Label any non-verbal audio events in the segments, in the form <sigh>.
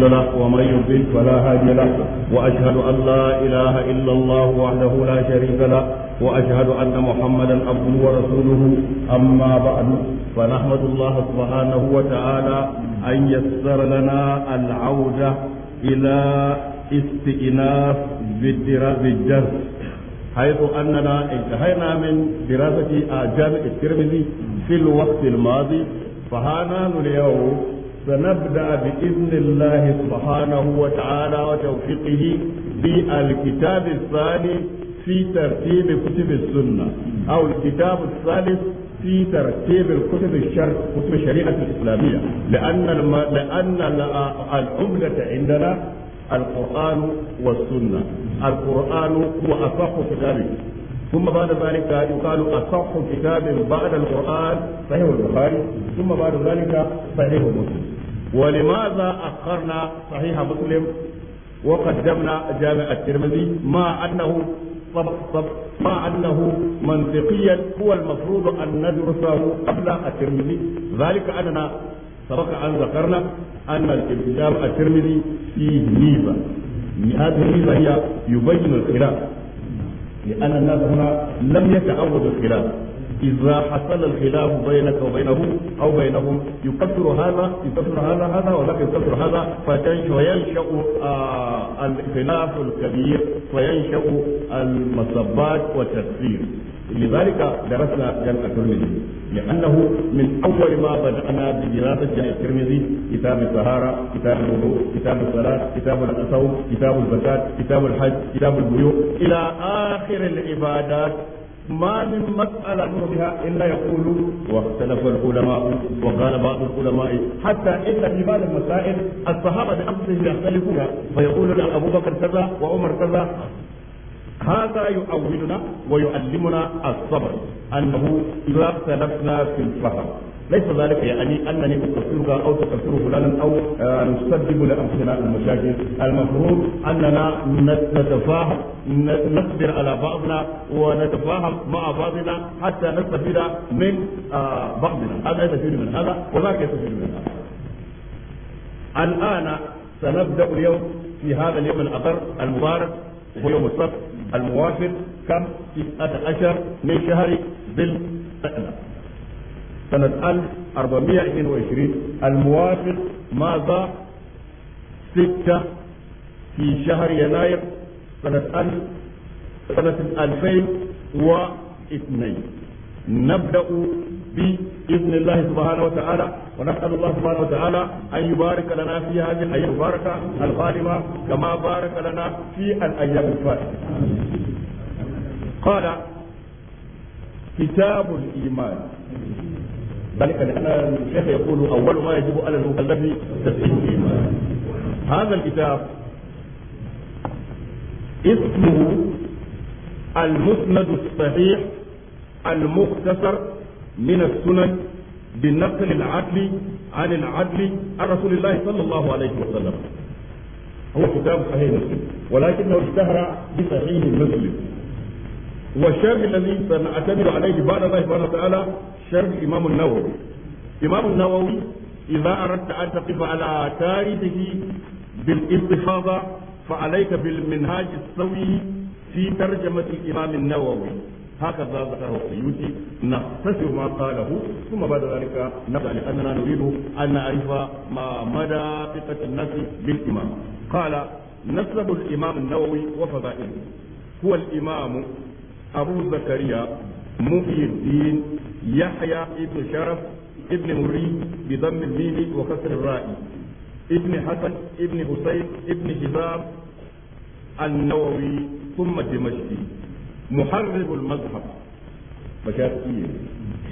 مضل له ومن يضل فلا هادي له واشهد ان لا اله الا الله وحده لا شريك له واشهد ان محمدا عبده ورسوله اما بعد فنحمد الله سبحانه وتعالى ان يسر لنا العوده الى استئناف بالدرس حيث أننا انتهينا من دراسة جامع الترمذي في الوقت الماضي فها نحن اليوم سنبدأ بإذن الله سبحانه وتعالى وتوفيقه بالكتاب الثاني في ترتيب كتب السنة أو الكتاب الثالث في ترتيب الكتب الشرع كتب الشريعة الإسلامية لأن الم... لأن العملة عندنا القرآن والسنة القرآن هو أصح كتاب ثم بعد ذلك يقال أصح كتاب بعد القرآن صحيح البخاري ثم بعد ذلك صحيح مسلم ولماذا أخرنا صحيح مسلم وقدمنا جامع الترمذي مع أنه طب طب مع أنه منطقيا هو المفروض أن ندرسه قبل الترمذي ذلك أننا سبق أن ذكرنا أن الالتزام الترمذي فيه ميزة هذه الميزة هي يبين الخلاف لأن الناس هنا لم يتعودوا الخلاف إذا حصل الخلاف بينك وبينه أو بينهم يكثر هذا يكثر هذا هذا ولكن يكثر هذا فينشأ آه، الخلاف الكبير فينشأ المصبات والتكفير لذلك درسنا جمع الترمذي لأنه من أول ما بدأنا بدراسة جمع الترمذي كتاب الطهارة كتاب الوضوء كتاب الصلاة كتاب الصوم كتاب الزكاة كتاب الحج كتاب البيوع إلى آخر العبادات ما من مسألة بها إلا يقول واختلف العلماء وقال بعض العلماء حتى إن في بعض المسائل الصحابة بأنفسهم يختلفون فيقول أبو بكر كذا وعمر كذا هذا يؤولنا ويعلمنا الصبر أنه إذا اختلفنا في الفهم ليس ذلك يعني انني اكفرك او تكفر فلانا او آه، نسبب لانفسنا المشاكل المفروض اننا نتفاهم نصبر على بعضنا ونتفاهم مع بعضنا حتى نستفيد من آه، بعضنا هذا يستفيد من هذا وذاك يستفيد من هذا الان سنبدا اليوم في هذا اليوم الاخر المبارك ويوم السبت الموافق كم 19 عشر من شهر ذي القعدة سنة 1422 الموافق ماذا؟ ستة في شهر يناير سنة سنة 2002 نبدأ بإذن الله سبحانه وتعالى ونسأل الله سبحانه وتعالى أن يبارك لنا في هذه الأيام المباركة القادمة كما بارك لنا في الأيام الفاتحة قال كتاب الإيمان ذلك لأن الشيخ يقول أول ما يجب على المكلف تسليم الإيمان هذا الكتاب اسمه المسند الصحيح المختصر من السنن بنقل العدل عن العدل عن رسول الله صلى الله عليه وسلم هو كتاب صحيح مسلم ولكنه اشتهر بصحيح مسلم والشرح الذي سنعتمد عليه بعد الله سبحانه وتعالى شرح الامام النووي الامام النووي إذا أردت أن تقف على تاريخه بالاستفاضة فعليك بالمنهاج السوي في ترجمة الإمام النووي هكذا ذكره السيوطي نقتصر ما قاله ثم بعد ذلك نبدا لاننا نريد ان نعرف ما مدى ثقه الناس بالامام قال نسب الامام النووي وفضائله هو الامام ابو زكريا محي الدين يحيى ابن شرف ابن مري بضم الميم وكسر الراء ابن حسن ابن حسين ابن هزام النووي ثم الدمشقي muharrib al-mazhab mashafi'i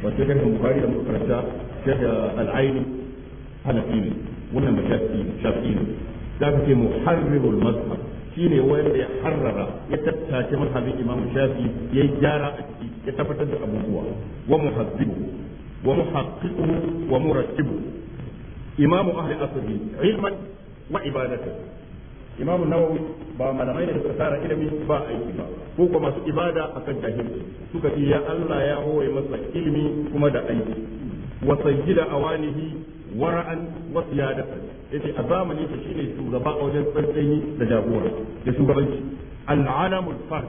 wato kan bukhari da mukarrata shaykh al-aini hanafi ne wannan mashafi'i mazhab shine wanda ya harrara ya tattace mazhabin imam shafi ya gyara a ciki ya tabbatar da abubuwa wa muhaddibu wa muhaqqiqu wa murattibu imam ahli asri ilman wa ibadatan imamu nawawi ba malamai da suka tsara ilimi ba aiki ba ko kuma masu ibada kan jahilci suka ce ya Allah ya hore masa ilimi kuma da aiki wa sajjida awanihi wara'an wa siyadatan yace a zamanin shi shine shugaba a wajen tsantsani da jagora da shugabanci al'alamul fard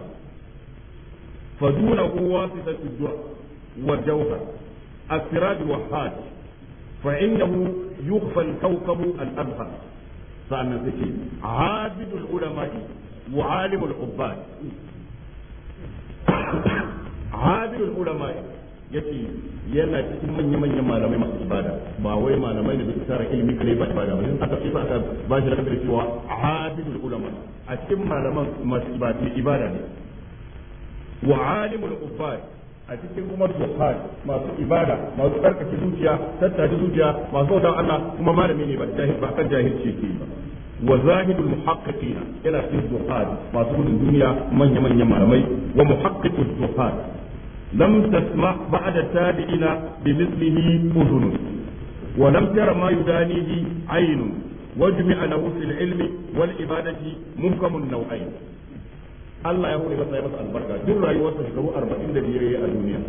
فدونه واسطة الدعاء والجوهر السراج والحاج فإنه يخفى الكوكب الأبهر sannan suke ce abidul ulama'i wa alimul ubbad abidul ulama'i yace yana cikin manya-manyan malamai masu ibada ba wai malamai da suka tara ilimi kare ba ibada ba aka fi aka ba shi da cewa abidul ulama a cikin malaman masu ibada ibada ne wa alimul ubbad a cikin kuma zuhar masu ibada masu tsarkake zuciya tattaki zuciya masu bautan Allah kuma malami ne ba jahil ba kan jahil ce ke yi ba وزاهد المحققين الى في الزهاد ما تقول الدنيا من يمن يمن ومحقق الزهاد لم تسمع wa تابعين بمثله أذن ولم تر ما يدانيه عين واجمع له في العلم والعبادة محكم النوعين Allah ya hore masa ya masa albarka duk rayuwarsa shekaru 45 yayi a duniya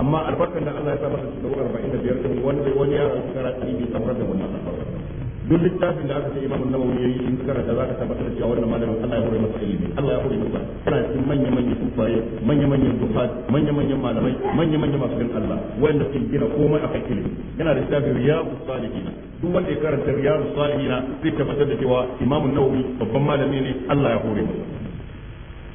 amma albarkar da Allah ya sa masa shekaru 45 wani wani ya rasu kara ɗari bi samar da wannan albarka duk littafin da aka ce imamu nawawi yayi in karanta zaka tabbatar cewa wannan malamin Allah ya hore masa ilimi Allah ya hore masa yana cikin manya manyan kufaye manya manyan dukat manya manyan malamai manya manyan masu bin Allah wanda ke gina komai a ilimi yana da littafin riyadu salihin duk wanda ya karanta riyadu salihin zai tabbatar da cewa imamu nawawi babban malami ne Allah ya hore masa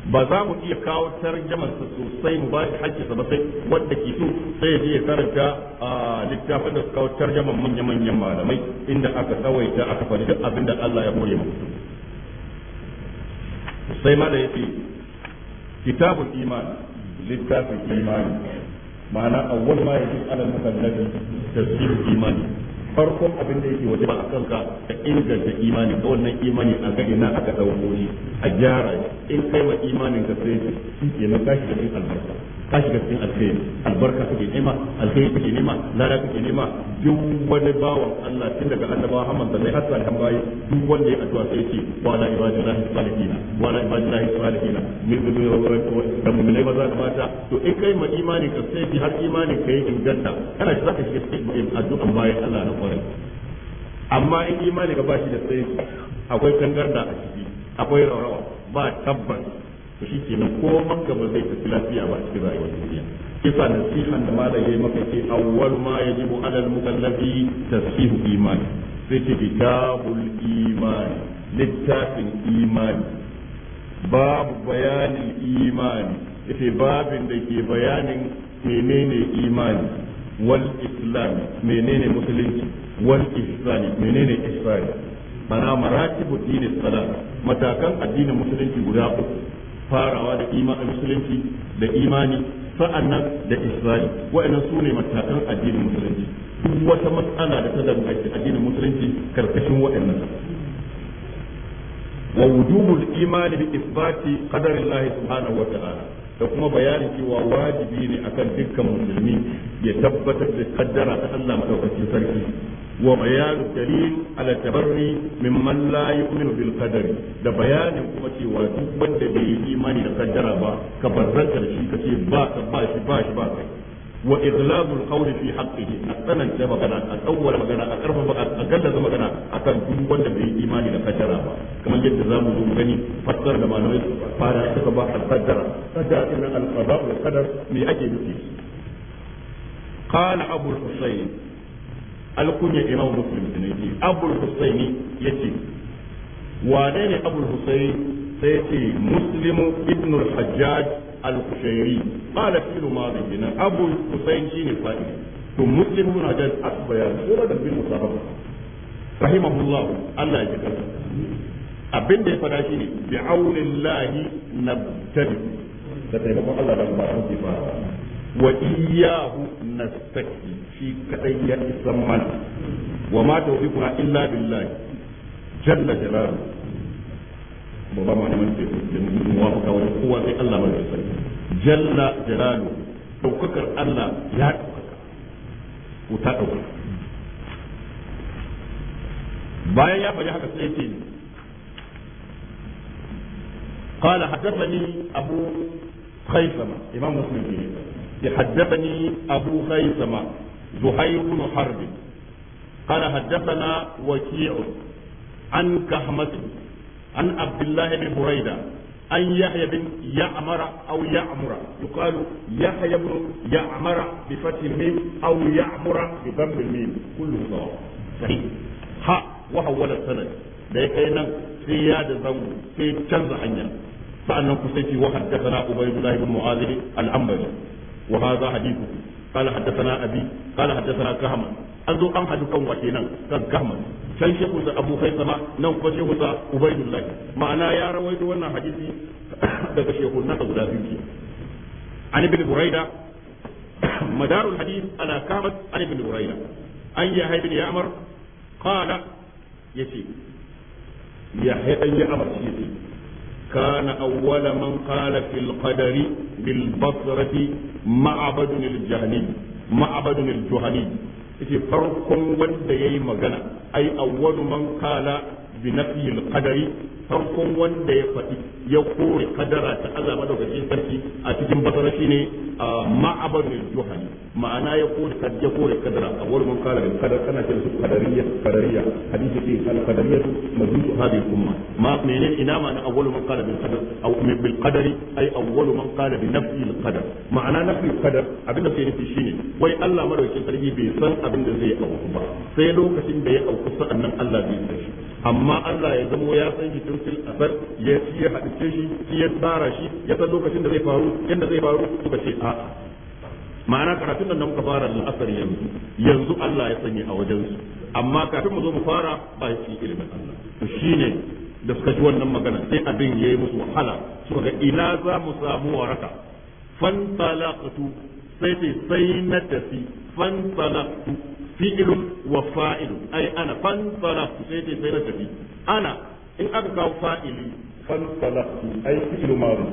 ba za mu iya kawo tarjamar sa sosai mu ba shi hakki sa ba sai wanda ke so sai ya karanta a littafin da kawo tarjamar manya manyan malamai inda aka tsawaita aka faɗi duk abin da Allah ya kore mu sai ma da yake kitabul iman littafin imani ma'ana awwal ma yake alal mukallafi tafsirul imani farkon abin da yake waje a kanka ka inganta imani ka wannan imani a ga ina aka dauko shi a gyara in kai wa imanin ka sai shi ke na kashi da albarka ka shiga cikin alkhairi albarka kake nema alkhairi kake nema lada kake nema duk wani bawan Allah tun daga annabawa Muhammad sallallahu alaihi wasallam bayi duk wanda ya addu'a sai ce wa la ibadillahi salihina wa la ibadillahi salihina min dubi da mun ne maza da mata to in kai ma imani ka sai ki har imani yi inganta kana shi zaka shiga cikin addu'a bayan Allah na kwarai amma in imani ka bashi da sai akwai kangarda a ciki akwai rawa ba tabbas to shi ke nan koman ba zai tafi lafiya ba cikin rayuwar duniya kisa na sihan da malam yayi maka ke awwal ma yajibu ala al-mukallafi tasfihu imani sai ce kitabul imani littafin imani babu bayanin imani yace babin da ke bayanin menene imani wal islam menene musulunci wal islam menene islam mana maratibu dinin salat matakan addinin musulunci guda uku farawa da imani musulunci da imani sa'annan da isra'i wa'annan su ne matakan addinin musulunci duk wata matsala da ta zama addinin musulunci karkashin wa'annan wa wujubul imani bi isbati qadarillahi subhanahu wa ta'ala da kuma bayanin cewa wajibi ne akan dukkan musulmi ya tabbatar da kaddara ta Allah madaukakin sarki وبيان الدليل على التبري ممن لا يؤمن بالقدر ده بيان kuma cewa duk wanda bai yi imani da kaddara ba ka barranta da shi kace ba ka ba shi ba shi ba kai wa izlamul qawl fi haqqihi asanan da magana a tsawwala magana a karfa a gallaza magana akan duk wanda bai yi imani da kaddara ba kamar yadda mu zo mu gani fassar da malamai fara suka ba al-qaddara kaddara inna al-qada wal me ake nufi قال أبو الحسين alkunya imam muslim yi abul husaini yace wane ne abul husaini sai yace muslimu ibn al-hajjaj al-kushairi qala filu madhi nan abul husaini shine fadi to muslim ibn hajjaj asbaya sura da bin musabab rahimahullah Allah ya karba abin da ya fada shine bi'aulillahi nabtadi da taimakon Allah da ba mu ba. wa iyahu nasta'in shi kadai ya isan mana wa ma tawfiquna illa billah jalla jalalu ba ba ma da mun mu wafaka wa kowa sai Allah ba zai sani jalla jalalu daukakar Allah ya daukaka ko ta daukaka bayan ya faɗi haka sai ce قال حدثني أبو خيثمة إمام مسلم فيه حدثني أبو خيثمة زهير بن حرب قال حدثنا وكيع عن كهمة عن عبد الله بن بريدة أن يحيى بن يعمر أو يعمر يقال يحيى بن يعمر بفتح الميم أو يعمر بضم الميم كله صواب صحيح ها وحول السند da ya kai nan sai ya da zango sai canza hanya sa'annan ku sai ki wa haddathana ubaydullah ibn mu'adh al-ambari وهذا حديثه قال حدثنا أبي قال حدثنا كهما أنزو أم حدثكم وكينا كان كهما كان شيخ أبو خيثمة نو شيخ عبيد الله معنى يا وانا حديثي daga shekunan ka guda biyu madarul hadith ala kamat an ibn buraida an ya haibin كان أول من قال في القدر بالبصرة معبد الجهني معبد الجهني yake farkon wanda ya yi magana ai awwalu man kala bi nafiyil qadari farkon wanda ya fadi ya kore kadara ta Allah madaukakin sarki a cikin basara shine ma'abadul juhani ma'ana ya kore ya kore kadara a wurin mun kala bil kadar kana cewa kadariya kadariya hadisi ce kan qadariyya mazutu hadi umma ma menene ina ma na awwalu man kala bil qadar aw bil qadari ay awwalu man qala bi al qadar ma'ana al qadar abinda ke nufi shine wai Allah madaukakin sarki bai san abin da zai yi ba sai lokacin da ya auku sa'annan Allah zai yi shi amma Allah ya zamo ya san shi tun fil asar ya shi ya hadice shi shi ya tsara shi ya san lokacin da zai faru yadda zai faru suka ce a ma'ana karatun nan da muka fara al'asar yanzu yanzu Allah ya sanya a wajen su amma kafin mu zo mu fara ba shi ilimin Allah to shine da suka ji wannan magana sai abin yi musu wahala suka ga ina za mu samu waraka fantalaqtu sai sai na tafi fantalaqtu fi'il wa fa'il أنا ana fansalaktu sai ce sai na tafi ana in aka kawo fa'ili fansalaktu ai fi'il ma'ruf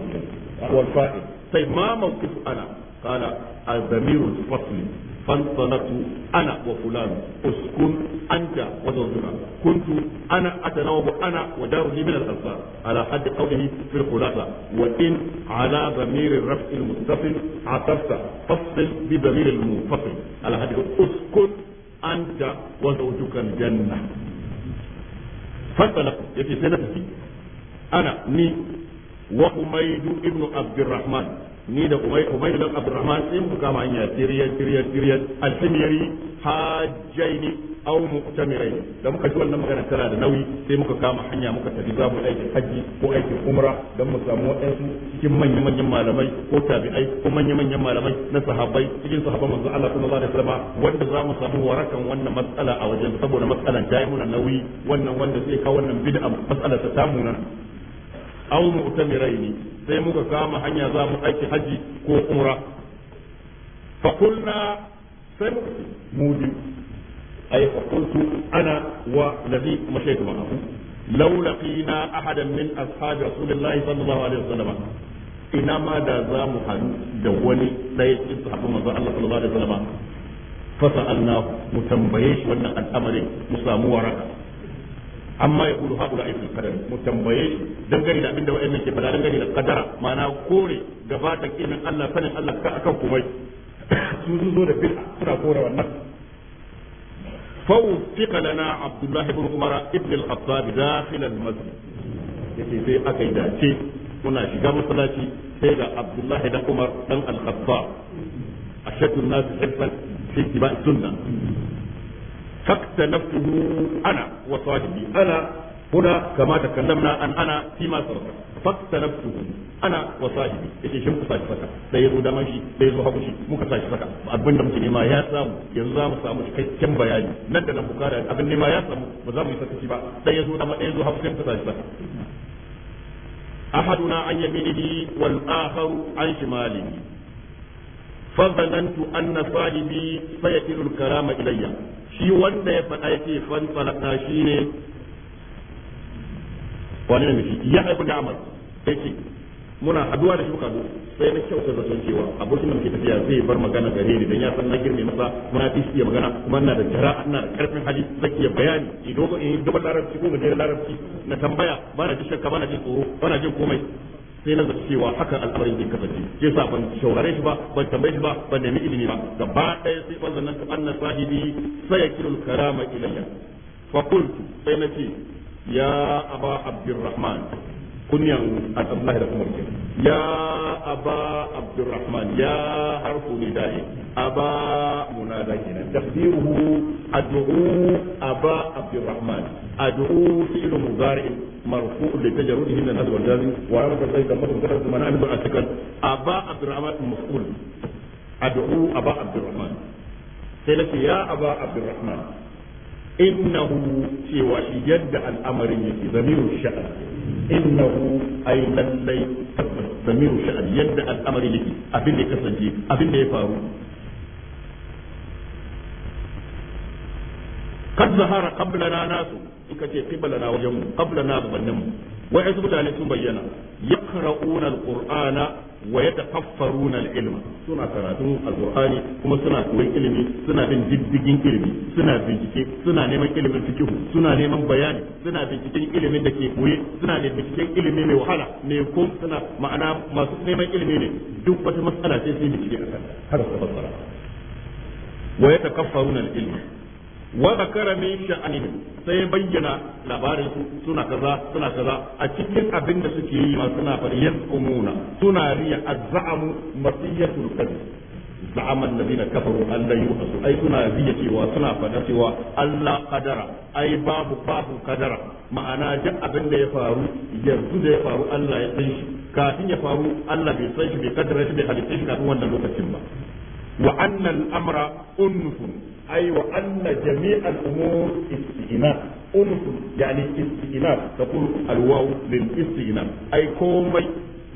wal fa'il sai ma mawqif ana qala الضمير الفصل فانطلقت انا وفلان اسكن انت وزوجك كنت انا اتناوب انا وداري من الالفاظ على حد قوله في الخلاصه وان على ضمير الرفع المتصل عطفت فصل بضمير المنفصل على حد اسكن anta wa zawjuka aljanna fatala yace sai na tafi ana ni wa umaydu ibnu abdurrahman ni da umaydu ibn abdurrahman sai muka kama hanya tiriyar tiriyar tiriyar alhimiyari hajjaini aw mu'tamirain da muka ji wannan magana tana da nauyi sai muka kama hanya muka tafi za mu aikin haji ko aikin umra dan mu samu waɗansu cikin manyan manyan malamai ko tabi'ai ko manyan manyan malamai na sahabbai cikin sahabban manzo Allah sallallahu alaihi wasallam wanda za mu samu warakan wannan matsala a wajen saboda matsalan ta yi muna nauyi wannan wanda zai kawo wannan bid'a matsalar ta tamu nan aw mu'tamirain sai muka kama hanya za mu aiki haji ko umra fa sai mu mu biyu ai ana wa ladhi mashaytu shaiku ma abu law laqina ahadan min ashabi rasulillahi sallallahu alaihi wasallam ina ma da za mu hadu da wani ɗaya cikin sahabban manzon Allah sallallahu alaihi wasallam فسألناه wannan al'amarin mu مسلم waraka amma ya kudu haɗu da aiki kadar mu tambaye shi dangane da abinda wa'annan ke faɗa dangane da kadara ma'ana kore gabata da Allah sanin Allah ka akan kumai su sun zo da bid'a suna kore wannan فوفق لنا عبد الله بن عمر ابن الخطاب داخل المسجد sai aka yi dace muna shiga masallaci sai ga Abdullahi da Umar dan Al-Khattab ashaddu an-nas ana ana هنا كما تكلمنا فيما fattanabtuhu ana wa sahibi yace shin ku sashi saka sai ya zo da shi sai ya zo hagu shi muka sashi saka abin da muke nema ya samu yanzu za mu samu cikakken bayani nan da nan bukara abin nema ya samu ba za mu yi sakaci ba sai ya zo dama sai ya zo hagu sai muka sashi saka أحدنا عن يمينه والآخر عن شماله فظننت anna صاحبي sayatirul karama ilayya shi wanda ya faɗa yake fan falaka shi ne wani ne miki ya da amal yake muna haduwa da shuka mu sai na kyauta da son cewa abokin da muke tafiya zai bar magana gare ni dan ya san na girme masa muna fi iya magana kuma ina da jara ina da karfin hali zaki ya bayani in dogo in dogo larabci ko gajeren larabci na tambaya ba na ji shakka ba na ji tsoro ba na jin komai sai na zaci cewa haka al'amarin zai kasance sai sa ban shaurare shi ba ban tambaye shi ba ban nemi ilimi ba gaba ɗaya sai ana annan sahibi sai ya kirul karama ilayya fa qultu sai na ce ya aba abdurrahman kunyan abdullahi da umar kenan ya aba abdurrahman ya harfu nidai aba munada kenan taqdiruhu ad'u aba abdurrahman ad'u fi'l mudari مرفوع لتجرده من الناس والجازم وعرف زيد الله مكتب من أنبع أتكن أبا عبد الرحمن المفعول أدعو أبا عبد الرحمن سيلك يا أبا عبد الرحمن innahu cewa shi yadda al'amarin yake zamiru sha'an innahu ay lallai zamiru sha'an yadda al'amarin yake abin da ya kasance abin da faru kad zahara qablana nasu suka ce qiblana wajen mu qablana bannin mu wa'azu mutane sun bayyana yaqra'una al-qur'ana wa yatafaffaruna al-ilma suna karatun alqur'ani kuma suna koyon ilimi suna bin diddigin ilimi suna bincike suna neman ilimin fikihu suna neman bayani suna binciken ilimin da ke koye suna da binciken ilimi mai wahala ne ko suna ma'ana masu neman ilimi ne duk wata matsala sai sun bincike a kan wa akarame sha'anihim sai bayyana labarin su suna kaza suna kaza a cikin abin da suke yi ma suna fariyan umuna suna riya azzamu masiyatul kadi za'ama alladhina kafaru an la yu'asu ai suna riya cewa suna fada cewa Allah kadara ai babu babu kadara ma'ana duk abin da ya faru yanzu da ya faru Allah ya san shi kafin ya faru Allah bai san shi bai kadara shi bai halitta shi kafin wannan lokacin ba wa anna al-amra unfun ay wa anna jami' al-umur istinaf unfun yani istinaf taqul komai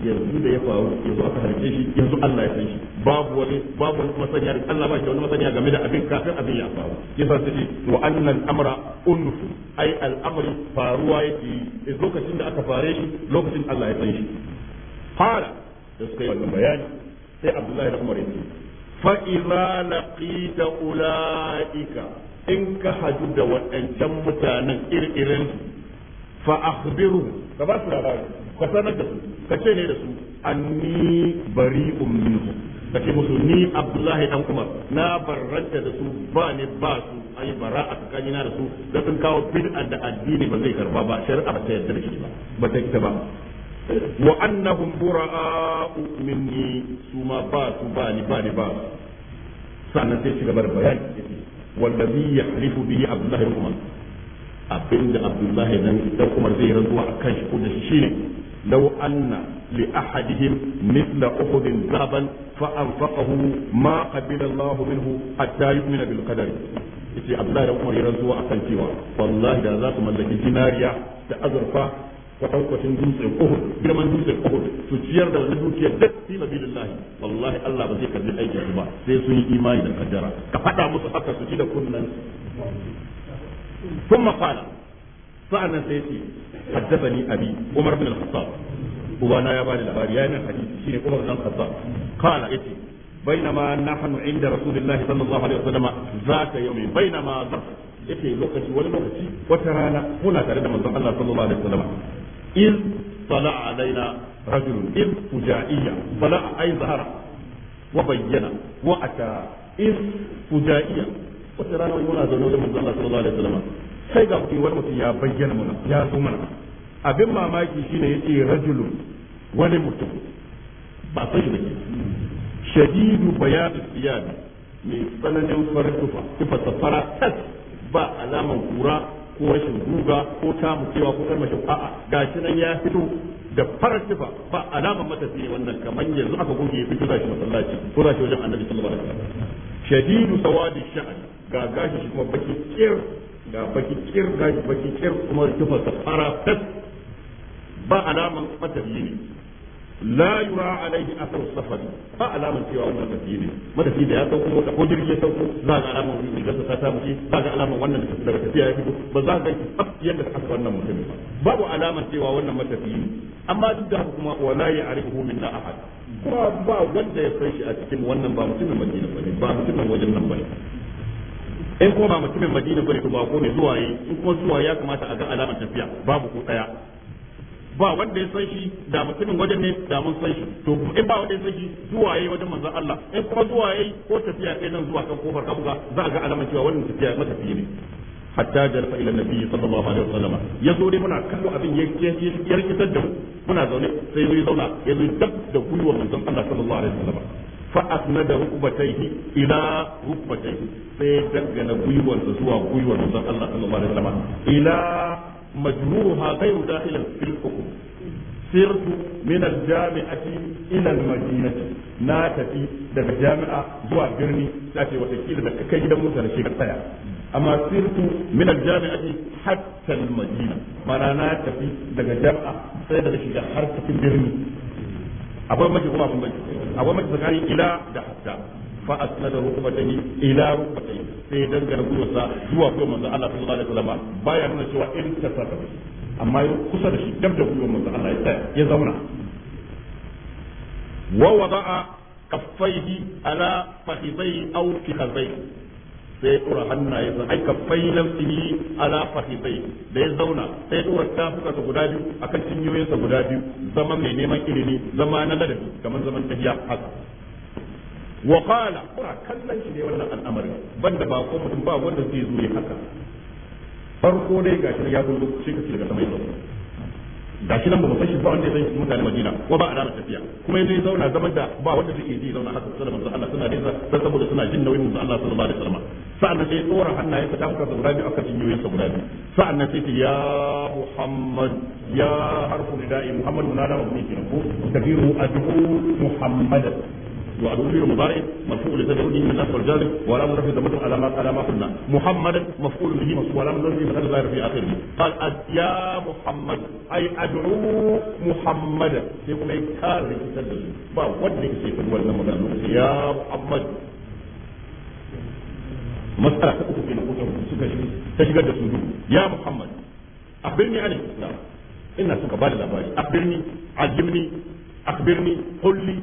yanzu da ya faru yanzu aka halice shi yanzu Allah ya san shi babu wani babu wani masaniya Allah ba shi wani masaniya game da abin kafin abin ya faru yasa su ce wa annal amra unfu ai al'amari faruwa yake eh, lokacin da aka fare shi lokacin Allah ya san shi fara da suka yi wannan bayani sai Abdullahi da Umar yake fa'iza laqita ula'ika in ka hadu da waɗancan mutanen ir'irin fa akhbiru ka ba su labari ka sanar da su ka ce da su anni bari'un minhum ka ce musu ni abdullahi dan umar na barranta da su ba ne ba bara a tsakanina da su da sun kawo bid'a da addini ba zai karba ba shari'a ba ta yarda da shi ba ba ta ba wa annahum bura'u minni suma ba su ba ni ba ni ba sannan sai ci gaba da abinda abdullahi dan dan umar zai rantsuwa akan shi ko da shi shine law anna li ahadihim mithla uhud zaban fa anfaqahu ma qabila allah minhu hatta yu'mina bil qadar yace abdullahi dan umar ya rantsuwa kan cewa wallahi da za su mallaki dinariya da azurfa kwatankwacin dutsen uhud girman dutsen uhud su ciyar da wani dukiya duk fi sabilillahi wallahi Allah ba zai karbi aikin su ba sai sun yi imani da kaddara ka faɗa musu haka su ci da kunnan ثم قال سألنا سيتي حدثني أبي عمر بن الخطاب وأنا يا بالي الأباريان الحديث شيني عمر بن الخطاب قال إتي بينما نحن عند رسول الله صلى الله عليه وسلم ذات يوم بينما ذات yake lokaci wani lokaci wata rana muna tare da manzon Allah sallallahu iz طلع علينا رجل إذ فجائية طلع أي ظهر وبين وأتى إذ فجائية وترانا يقول هذا نوع من الله صلى الله عليه وسلم sai ga kuɗi wani mutum ya bayyana mana ya zo mana abin mamaki shine yace rajulun wani mutum ba sai da shadidu bayad siyad mai tsananin farin tufa tufa safara tas ba alaman kura ko rashin duba ko tamu cewa ko karmashin a'a gashi nan ya fito da farar sifa ba alamar matafi ne wannan kamar yanzu aka goge ya fito shi masallaci ko shi wajen annabi sallallahu alaihi wasallam shadidu sawadi sha'an ga gashi shi kuma baki kir ga baki kir ga baki kir kuma sifa ta fara ba alamar matafi ne la yura alaihi athar safari ba alama cewa wannan tafiye ne matafi da ya sauko mota ko jirgin ya sauko za ka alama alaman rigar ta samu shi za ka alama wannan daga tafiya ya fito ba za ka ga yadda aka wannan ba ba alama cewa wannan matafi ne amma duk da haka kuma wala ya arifu minna ahad kuma ba wanda ya san shi a cikin wannan ba mutumin madina bane ba mutumin wajen nan bane in kuma ba mutumin madina bane ko ba ko ne zuwa yi in kuma zuwa ya kamata a ga alama tafiya babu ko daya ba wanda ya san shi da mutumin wajen ne da mun san shi to in ba wanda ya san shi zuwa yayi wajen manzon Allah in kuma zuwa yayi ko tafiya kai nan zuwa kan kofar kabuga za ga alamar cewa wannan tafiya fiye ne hatta jalsa ila nabi sallallahu alaihi wasallam zo dai muna kallo abin ya ya rikitar da mu muna zaune sai zai zauna ya zo dab da gwiwar manzon Allah sallallahu alaihi wasallam fa asnada rukbatayhi ila rukbatayhi sai dangana gwiwar zuwa gwiwar manzon Allah sallallahu alaihi wasallam ila مجموعها غير داخل في الحكم سرت من الجامعة إلى المدينة na tafi daga jami'a zuwa birni za ta yi watakila da kai gidan mota na shekar tsaya amma sirtu min aljami'ati hatta almadina mana na tafi daga jami'a sai daga shiga har cikin birni akwai mace kuma abin mace akwai mace tsakanin ila da hatta fa asnada rukbatayni ila rukbatayni sai dan sa zuwa ko manzo Allah sallallahu alaihi wasallam baya nuna cewa in ta saka amma ya kusa da shi dab da gwiwar manzo Allah ya zauna wa wada'a kaffaihi ala fakhidai aw fikhadai sai dora hannaye sa ai kaffai lamsihi ala fakhidai da ya zauna sai dora tafuka ta guda biyu akan cinyoyinsa guda biyu zama mai neman ilimi zama na ladabi kamar zaman tafiya haka wa qala kuna kallon shi ne wannan al'amari ban ba ko mutum ba wanda zai zo ya haka farko dai gashi ya gudu shi ka ce daga sama ya gashi nan ba mu fashi ba wanda zai san mutane Madina ko ba alamar tafiya kuma yanzu ya zauna zaman da ba wanda zai ji zauna haka sallallahu alaihi wasallam suna nesa sai saboda suna jin nauyin manzo Allah sallallahu alaihi wasallam sa'annan sai tsora hannayen sa tafuka da gurabi aka jin yoyin sa gurabi sa'annan sai ce ya Muhammad ya harfu da'i Muhammad munada wa mun kiran ko kabiru ad'u muhammad. وأضمير مضارع مرفوع لتدعوني من الناس والجاذب ولا مرفع ضمته على ما على ما قلنا محمد مفعول به مصر ولا مرفع به مثل ظاهر في آخره قال يا محمد أي أدعو محمدا يقول لك كارك تدعو فودك سيكون ولا مدعو يا محمد masara ta uku kenan kusa suka shi ta shigar da su ya muhammad akhbirni an islam ina suka bada labari akhbirni aljibni akhbirni qulli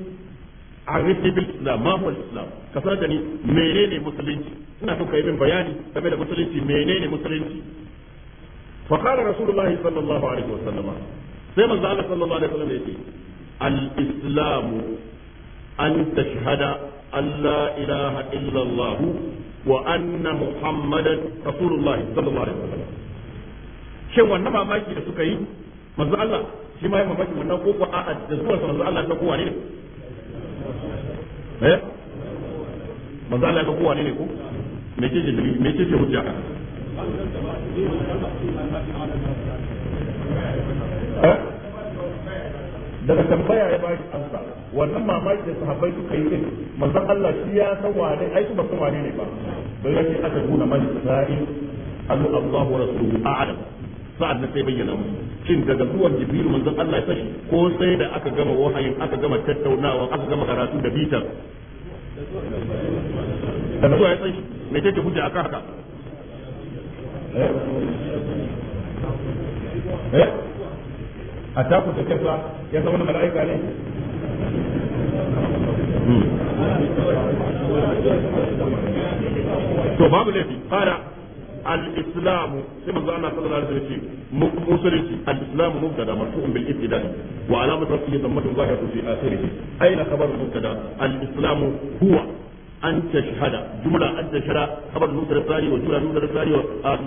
arifi bil islam ma huwa islam ka sanar da ni menene musulunci ina son kai min bayani game da musulunci menene musulunci fa qala rasulullahi sallallahu alaihi wasallam sai manzo Allah sallallahu alaihi wasallam yace al islam an tashhada an la ilaha illa allah wa anna muhammadan rasulullahi sallallahu alaihi wasallam shin wannan mamaki da suka yi manzo Allah shi ma ya mamaki wannan ko ko a'a da zuwa manzo Allah ta kowa ne eh manzo Allah ka kowa ne ne ko me ce ce ce ce hujja eh? daga tambaya ya ba shi amsa wannan mamaki da sahabbai suka yi din manzon Allah shi ya san wane ai su ba san wane ne ba don yake aka nuna man sa'il Allah wa rasuluhu a'lam sa'ad da sai bayyana mu shin daga zuwan jibril manzon Allah ya ko sai da aka gama wahayin aka gama tattaunawa aka gama karatu da bitar daga zuwa ya fashi me take hujja akan haka eh, eh? a taku da kefa ya zama mala'ika ne hmm. to babu laifi fara al-islam sai manzo Allah sallallahu alaihi wasallam ce musulunci al-islam mubtada marfu'un bil ibtida wa alamat rafihi dhammatun zahiratu fi akhirih aina khabaru al-islam huwa أن تشهد جملة أن تشهد خبر المنكر الثاني والجملة المنكر الثاني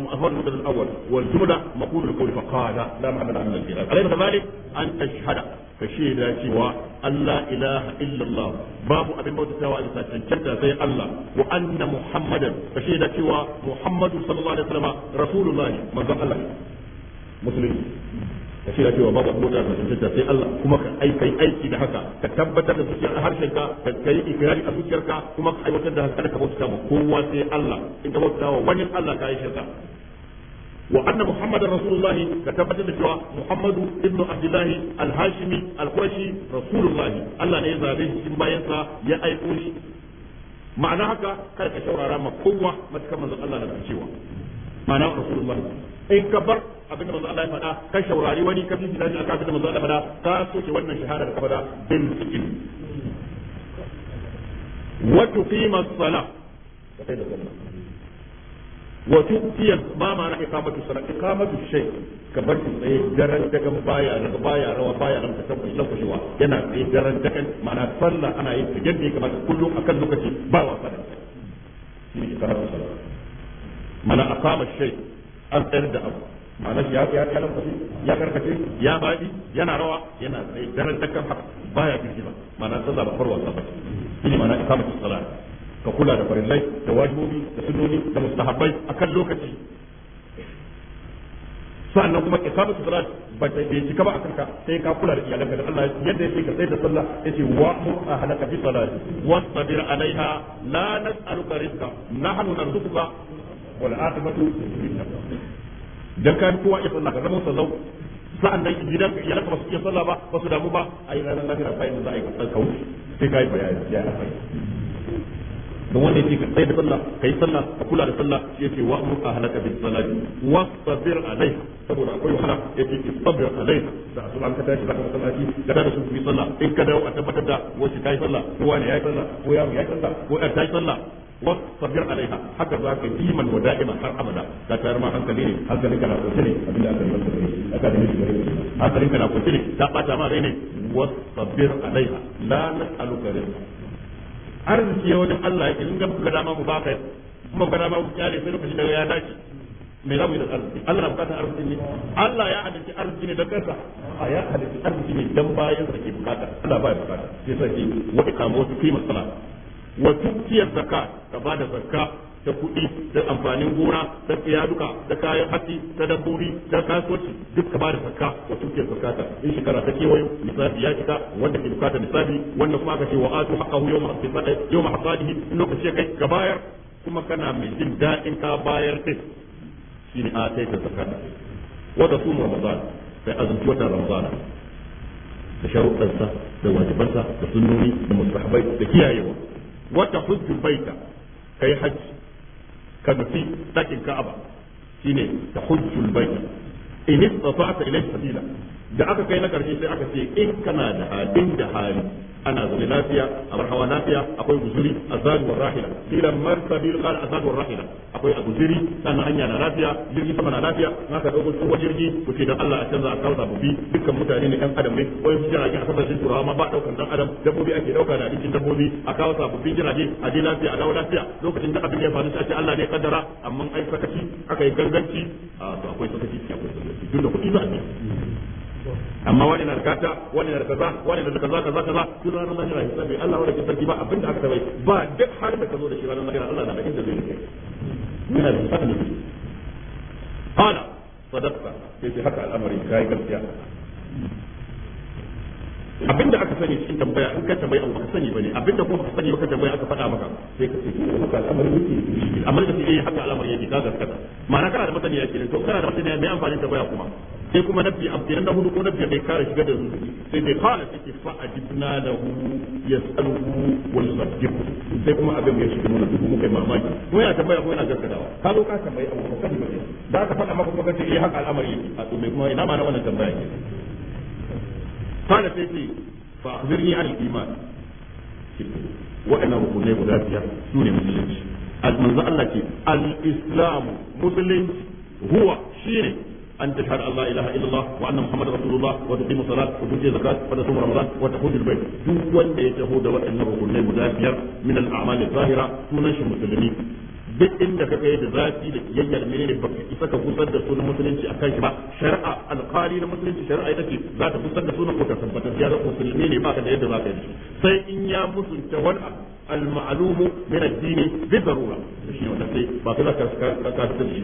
وخبر المنكر الأول والجملة مقول القول فقال لا محمد عن الجلال عليه كذلك أن تشهد فشي لا سوى أن لا إله إلا الله باب أبي موت سوى إنسان تنشد زي الله وأن محمدا فشي لا سوى محمد صلى الله عليه وسلم رسول الله من الله مسلم ka cewa sai Allah kuma ka aikai aiki da haka ka tabbatar da zuciyar harshenka ka kai ikirari a zuciyarka kuma ka aiwatar da haka ka bauta ma kowa sai Allah in ka bauta wa wani Allah ka yi shirka wa anna muhammadar rasulullah ka tabbatar da cewa muhammadu ibn abdullah al-hashimi al-qurashi rasulullah Allah ne ya zabe shi cikin bayansa ya aiko shi ma'ana haka kar ka shaurara ma kowa matakan manzon Allah da cewa ma'ana rasulullah in ka bar abin da manzo Allah ya faɗa ka shaurari wani ka bibi dani akan da manzo Allah faɗa ka soke wannan shahada da ka faɗa bin wa tuqima as wa tuqiya ma shay ka bar shi tsaye daren daga baya daga baya rawa baya tabbata kushewa yana tsaye daren daga ma'ana sallah ana yin yadda ya kamata kullum akan lokaci ba wasa da shi ne mana aqama shay an tsayar da abu ma'anar ya ya ya lambaci ya karkace ya baɗi yana rawa yana tsaye daren takan haka baya girgiza ma'ana ta zaba farwa ta shi ne ma'ana ikama ta salat ka kula da farin lai da wajibobi da sunnoni da mustahabbai akan lokaci sannan kuma ikama ta salat ba ta bai cika ba a kanka sai ka kula da iyalanka da Allah yadda yake ka sai da sallah yace wa mu ahlaka bi salati sabir alaiha la nas'aluka rizqan nahnu narzuquka wal aqibatu lil taqwa dan ka kowa ya sallah ka zama sallau sa'an nan gidan ya laka basu iya sallah ba basu damu ba a yi ranar lafiya sai za a yi kasar kawo sai ka yi bayani ya yi asali don wanda yake ka tsaye da sallah ka yi sallah ka kula da sallah shi yake wa mu ahlaka bis salati wa sabir alaiha saboda akwai wahala yake sabir alaiha da su an ka tashi zaka masallaci ka da su ku sallah in ka dawo a tabbatar da wacce ta yi sallah ko wani ya yi sallah ko yaro ya yi sallah ko ya ta yi sallah wasbir alaiha haka za ka yi man wada'ima har abada ka tayar ma hankali ne hankali kana ne abinda aka ne aka hankali kana ne ta bata ma ne alaiha la arziki Allah ga dama mu baka ga da ya dace me arziki Allah na bukatar arziki ne Allah ya arziki ne da kansa a ya halitta arziki ne dan bayan sa ke bukata Allah ba ya bukata sai sai wa ikamu fi wa tuqiyat zakat ka da zakka ta kuɗi da amfanin gona da duka da kayan hatsi ta dabbobi da kasuwanci duk ka da zakka wa tuke ta in shekara ta kewayo misali ya cika wanda ke bukata misali wanda kuma aka ce wa atu haqqahu yawma hasadihi yawma hasadihi in lokaci kai ka bayar kuma kana mai jin daɗin ka bayar din shine a sai ka wa da sumu ramadan sai azumci wata ramadan da sharuɗansa da wajibansa da sunnoni da mustahabai da kiyayewa wata hujjul baita kai hajji ka nufi ɗakin ka'aba shine ta hujjul baita in istata'ta sabila da aka kai na karshe sai aka ce in kana da halin da hali ana zaune lafiya a bar hawa lafiya akwai guzuri azad wa rahila filan marsabil qala azad wa rahila akwai guzuri sannan hanya na lafiya jirgi sama na lafiya na ka dauko tsohon jirgi ce dan Allah a canza a kawo sababbi dukkan mutane ne dan adam ne wai su jirage a kasashen jirgi ma ba daukan dan adam dabbobi ake dauka da dukkan dabbobi a kawo sababbin jirage a ji lafiya a dawo lafiya lokacin da abin ya faru sai Allah ne kaddara amma ai sakaci aka yi ganganci a to akwai sakaci akwai sakaci duk da kuɗi ba amma wani na kata wani na kaza wani na kaza kaza kaza duk ranar lahira hisabi Allah wanda ke sarki ba abin da aka tabai ba duk har da kazo da shi ranar lahira Allah na da inda zai yi yana da fatan da ana sadaqta sai haka al'amari kai gaskiya abinda aka sani cikin tambaya in ka tambaya ba ka sani bane abinda kuma ka sani ba ka tambaya aka faɗa maka sai ka ce haka al'amari yake amma da sai eh, haka al'amari yake ka gaskata ma'ana kana da masaniya kenan to kana da masaniya mai amfani tambaya kuma sai kuma nabi abdi na hudu ko nabi bai kare shiga da zuci sai dai qala take fa ajibna lahu yasaluhu wal yusabbihu sai kuma abin ya shiga mana duk muka mamaki ko yana tambaya ko yana gaskatawa ka zo ka tambayi abu ka sani ba da ka faɗa maka kuma kace eh haka al'amari a to me kuma ina ma na wannan tambaya ke qala sai ce fa akhbirni an al-iman wa'annan rukunai guda biyar su ne musulunci al-manzo Allah ce al-islam musulunci huwa shine أن تشهد أن لا إله إلا الله وأن محمد رسول الله وتقيم الصلاة وتؤتي الزكاة وتصوم رمضان وتحج البيت دو وأن يتهود وأن ركن مدافع من الأعمال الظاهرة تنشر المسلمين duk inda ka kai da zafi da kiyayya da menene ba ka isa ka da sunan musulunci akan shi shari'a alƙali da musulunci shari'a ita ce za ta gusar da sunan ko ta ne ba ka da yadda za ka yi sai in ya musunta wani المعلوم من الدين بالضرورة شيء ولا شيء ما كذا شيء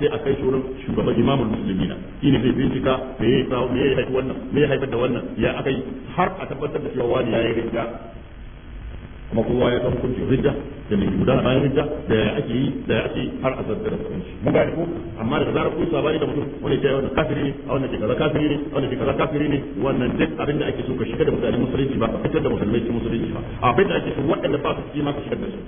sai a kai shurin shugaban imamul musulmina shine zai bincika me ya sa ya haifi har a tabbatar da cewa wani ya yi kuma kowa ya san hukuncin ridda da mai gudana bayan hijja da ya ake yi da ya ake har a zartar da shi mun gane ko amma da zarar kun sabani da mutum wanda ke wannan kafiri ne a wannan ke kaza kafiri ne a wannan ke kaza kafiri ne wannan duk abin da ake so ka shiga da mutane musulunci ba ka fitar da musulmai cikin musulunci ba abin da ake so waɗanda ba su cikin ma ka shigar da su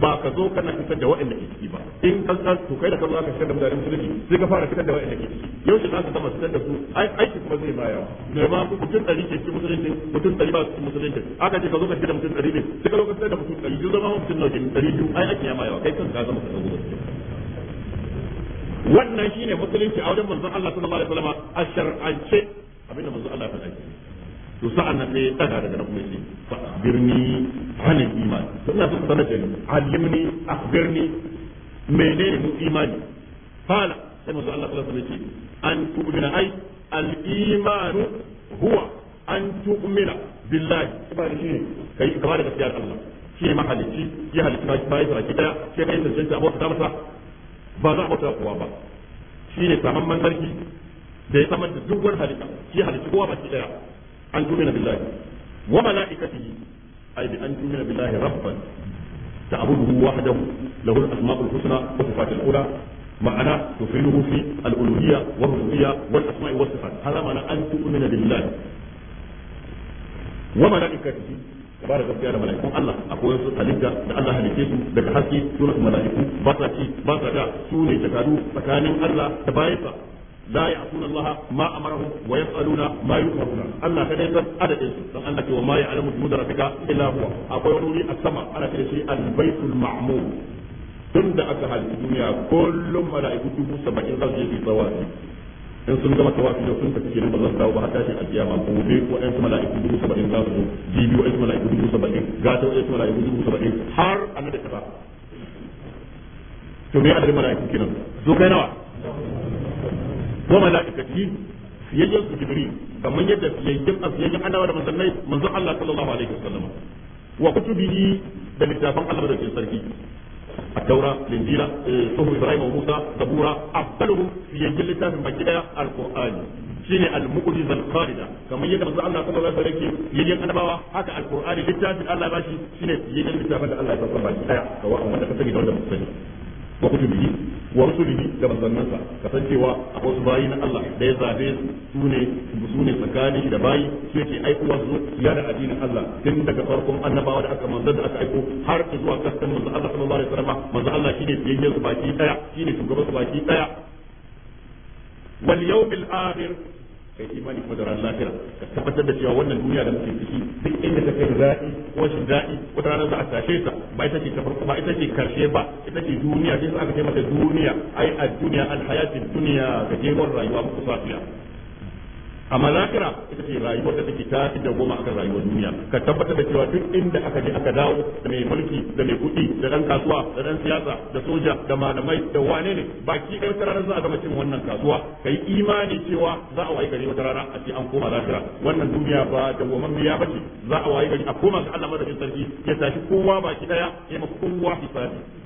ba ka zo kana fitar da waɗanda ke ciki ba in kan san to kai da kan zaka fitar da mutanen musulunci sai ka fara fitar da waɗanda ke ciki yau shi zaka sama fitar da su ai aiki kuma zai baya ba ku mutum ɗari ke cikin musulunci mutum tsari ba su musulunci aka ce ka zo ka fitar da mutum ɗari ne sai ka lokacin da mutum ɗari zama mutum nauke. Dari biyu ai aiki ya ma yawa kai kan ka zama ka zama wannan shine musulunci a wajen manzon Allah sallallahu alaihi wasallam a shar'ance abinda manzon Allah ya faɗa to sa'an nan sai daga daga nan kuma yace fa birni halin imani to n'a so sanar da ni alimni akhbirni menene mu imani fala sai manzo Allah sallallahu alaihi wasallam an tu'mina ai al imanu huwa an tu'mina billahi ba shi kai kamar da gaskiyar Allah shi ne mahalicci ya halitta bayan sa kida sai kai tantance abota ta masa ba za a bauta kowa ba shi ne saman sarki da ya samar da duk wani halitta shi halitta kowa baki daya an tu'mina billahi wa malaikatihi ay bi an tu'mina billahi rabban ta'buduhu wahdahu lahu al-asma'ul husna wa sifatul ula معنى تفعله في الألوهية والربوبية والأسماء والصفات هذا halitta da Allah halitte su daga haske sunan mala'iku ba sa ci ba sa da su ne tsakanin Allah da bayansa لا يعصون الله ما امرهم ويفعلون ما يؤمرون الله كده يسال عددين دون الله كي وما يعلم جنود ربك الا هو اقول نوري السماء انا كده شيء البيت المعمور tun da aka halin duniya kullum mala'iku dubu saba'in za su je su tawafi in sun gama tawafi da sun tafi kenan ba za su dawo ba har tashin alkiyama gobe waɗansu mala'iku dubu saba'in za su zo jibi waɗansu mala'iku dubu saba'in gata waɗansu mala'iku dubu saba'in har annabi kaza to me adadin mala'iku kenan zo kai nawa wa malaikati fiyayyen su jibril kamar yadda fiyayyen afiyayyen annabawa da manzannai manzon Allah sallallahu alaihi wasallam wa kutubi da littafan Allah da sarki التوراة الإنجيل صهر إبراهيم وموسى زبورة أفضلهم في إنجيل الكافر مجدها القرآن شيني المؤجزة الخالدة كما يجب أن الله صلى الله عليه وسلم يجب أن نبوى حتى القرآن للتافر الله باشي شيني يجب أن نبوى الله صلى الله عليه وسلم سواء من تفتني دولة مستجد وكتبه wa rusulihi da manzannansa kasancewa a wasu bayi na Allah da ya zabe su ne su ne tsakani da bayi su yake aikowa su ya da addinin Allah tun daga farkon annabawa da aka manzan da aka aiko har zuwa kasan manzo Allah sallallahu alaihi wasallam manzo Allah shine biyayyen su baki daya shine shugaban su baki daya wal yawmil akhir kai imani kuma da lafiya ka tabbatar da cewa wannan duniya da muke ciki duk inda ka kai daɗi ko shi ko ta rana za a tashe ta ba ita ce ta farko ba ita ce karshe ba ita ce duniya sai aka ce mata duniya ai a duniya al hayatid dunya jemon rayuwa ku safiya amma lakira ita ce rayuwar da take ta da goma akan rayuwar duniya ka tabbatar da cewa duk inda aka je aka dawo da mai mulki da mai kuɗi da ɗan kasuwa da dan siyasa da soja da malamai da wane ne baki ɗaya wata rana za a gama cin wannan kasuwa kai imani cewa za a waye gari wata rana a ce an koma lakira wannan duniya ba da goma ba ce za a waye gari a koma ga Allah madadin sarki ya tashi kowa baki ɗaya ya ma kowa hisabi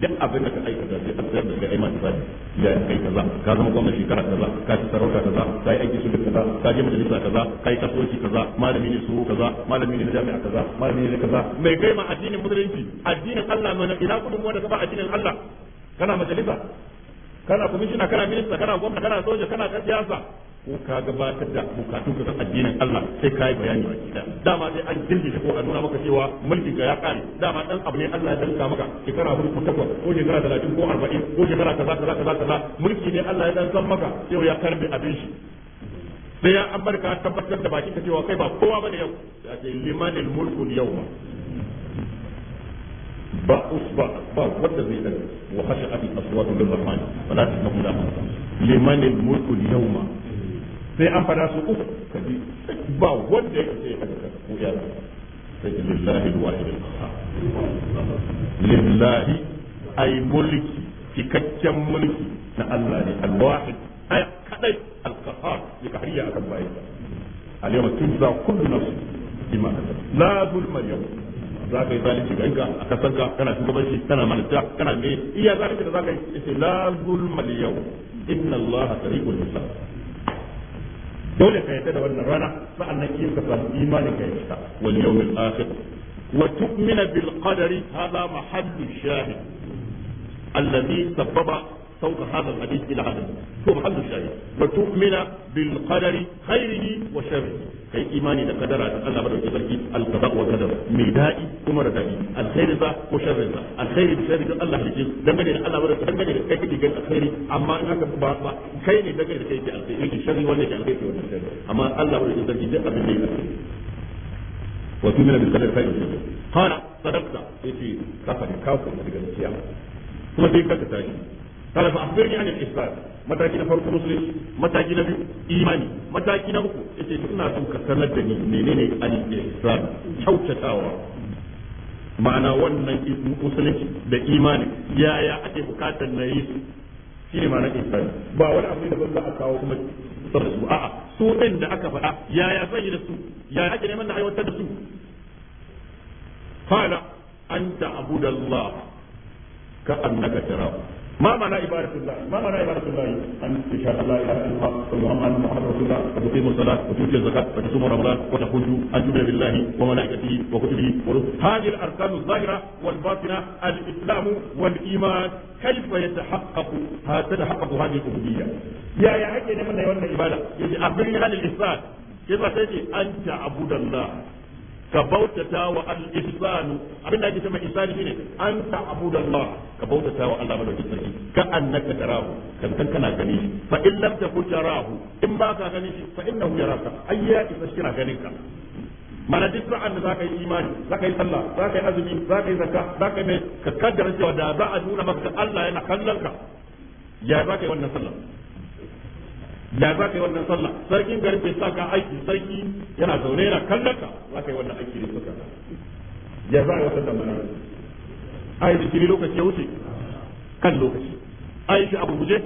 duk abin da ka aikata sai an tsayar da kai aiman tsari ya kai kaza ka zama gwamnati shekara kaza ka ci sarauta kaza ka yi aiki sulhu kaza ka je majalisa kaza ka yi kasuwanci kaza malami ne suru kaza malami ne na jami'a kaza malami ne kaza mai kai ma addinin musulunci addinin Allah mana ina kudin wanda ka ba addinin Allah kana majalisa kana kwamishina kana minista kana gwamna kana soja kana siyasa ko ka gabatar da bukatun ka addinin Allah sai kai bayani baki da dama sai an jirgi ko a nuna maka cewa mulkin ka ya kare dama dan abu ne Allah ya danka maka shekara hudu ko takwas ko shekara talatin ko arba'in ko shekara kaza kaza kaza kaza mulki ne Allah ya dan san maka yau ya karbe abin shi sai ya ambarka tabbatar da baki ka cewa kai ba kowa bane yau sai limanil mulku yawma ba ba ba wanda zai daga wa khashi'at al-aswat lir-rahman fala tasma'u lahu liman al-mulku al-yawma sai an fara su uku kaji ba wanda yake sai haka ko ya sai lillahi al-wahid al-qahhar lillahi ay mulki cikakken mulki na Allah ne al-wahid ay kadai al-qahhar ya kahriya akan bayi al-yawma tujza kullu nafsin bima kasabat la zulma al-yawma za ka yi zalunci ga inka a kasanka kana shugabanci kana malaka kana me iya zalunci da za ka yi yace la zulma al inna allaha sariqul hisab dole ka yarda da wannan rana sa'annan kin ka samu imanin ka yarda wal yawm al akhir wa tu'mina bil qadari hadha mahallu shahid alladhi sababa فوق هذا الحديث الى هذا هو محل الشاهد وتؤمن بالقدر خيره وشره kai imani da kadara ta Allah madaukakin sarki al-qada wa qadar mai da'i kuma da da'i alkhairi ba ko sharri ba alkhairi da sharri da Allah da jin dangane da Allah madaukakin dangane da kai kike ganin alkhairi amma in haka ba ba kai ne dangane da kai ke alkhairi ki sharri wanda ke alkhairi wanda sharri amma Allah madaukakin sarki duk abin da yake wa tu min al-qadar fa yusir qala sadaqta fi kafa kafa daga kiyama kuma dai kaka tashi قال فأخبرني عن الإسلام mataki na farko musulunci mataki na biyu imani mataki na uku yace ina son ka sanar da ni menene al-islam kyautatawa ma'ana wannan musulunci da imani ya ake bukatar na yi su shine ma'anar islam ba wani abu da za a kawo kuma da su a'a su ɗin da aka faɗa yaya zan yi da su yaya ake neman na da su fala anta abudallah ka annaka tarahu ما معنى عبادة الله؟ ما معنى عبادة الله؟ أن تشهد لا إله إلا الله وتعلم أن محمد رسول الله وتقيم الصلاة وتؤتي الزكاة وتصوم رمضان وتحج أن تؤمن بالله وملائكته وكتبه ورسله هذه الأركان الظاهرة والباطنة الإسلام والإيمان كيف يتحقق تتحقق هذه العبودية؟ يا يا حكي لمن يولى العبادة؟ يجي أخبرني عن الإحسان كيف تجي أن تعبد الله ka bautata wa al ihsan abin da ake cewa ihsan shine an ta'budu Allah ka bautata wa Allah madaukakin sarki ka annaka tarahu kan kan kana gani fa in lam takun tarahu in ba ka gani shi fa innahu yaraka ayya isa shira ganin ka mana duk sa'an da zaka yi imani zaka yi sallah zaka yi azumi zaka yi zakka zaka yi ka kaddara cewa da za a nuna maka Allah yana kallon ka ya zaka yi wannan sallah da za ka yi wannan sallah sarkin garin bai sa ka aiki sarki yana zaune yana kallon ka za ka yi wannan aiki da suka ya za a yi wata zamana a yi jikiri lokaci ya wuce kan lokaci a yi shi abu guje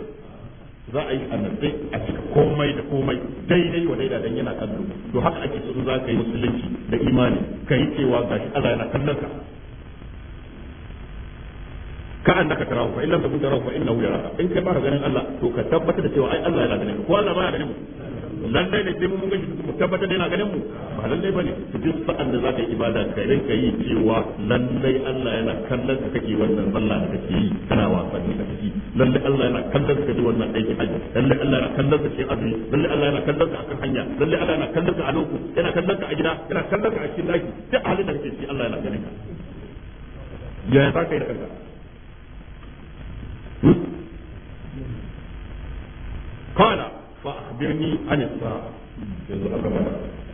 za a yi annabtai a cika komai da komai daidai wa daida dan yana kallo to haka ake so za ka yi musulunci da imani ka yi cewa gashi Allah yana kallon ka ka annaka tarahu fa illam takun tarahu fa innahu yaraka in kai ba ka ganin Allah to ka tabbatar da cewa ai Allah yana ganin ka ko Allah ba ya ganin mu lallai ne sai mun gaji mu tabbatar da yana ganin mu ba lallai bane duk sa'an da zaka yi ibada ka rinka yi cewa lallai Allah yana kallon ka kake wannan sallah da kake yi kana wasanni da kake lallai Allah yana kallon ka kake wannan aiki haji lallai Allah yana kallon ka cikin azumi lallai Allah yana kallon ka akan hanya lallai Allah yana kallon ka a lokacin yana kallon ka a gida yana kallon ka a cikin daki duk halin da kake ciki Allah yana ganin ka ya za ka yi da kanka قال فأخبرني عن الساعة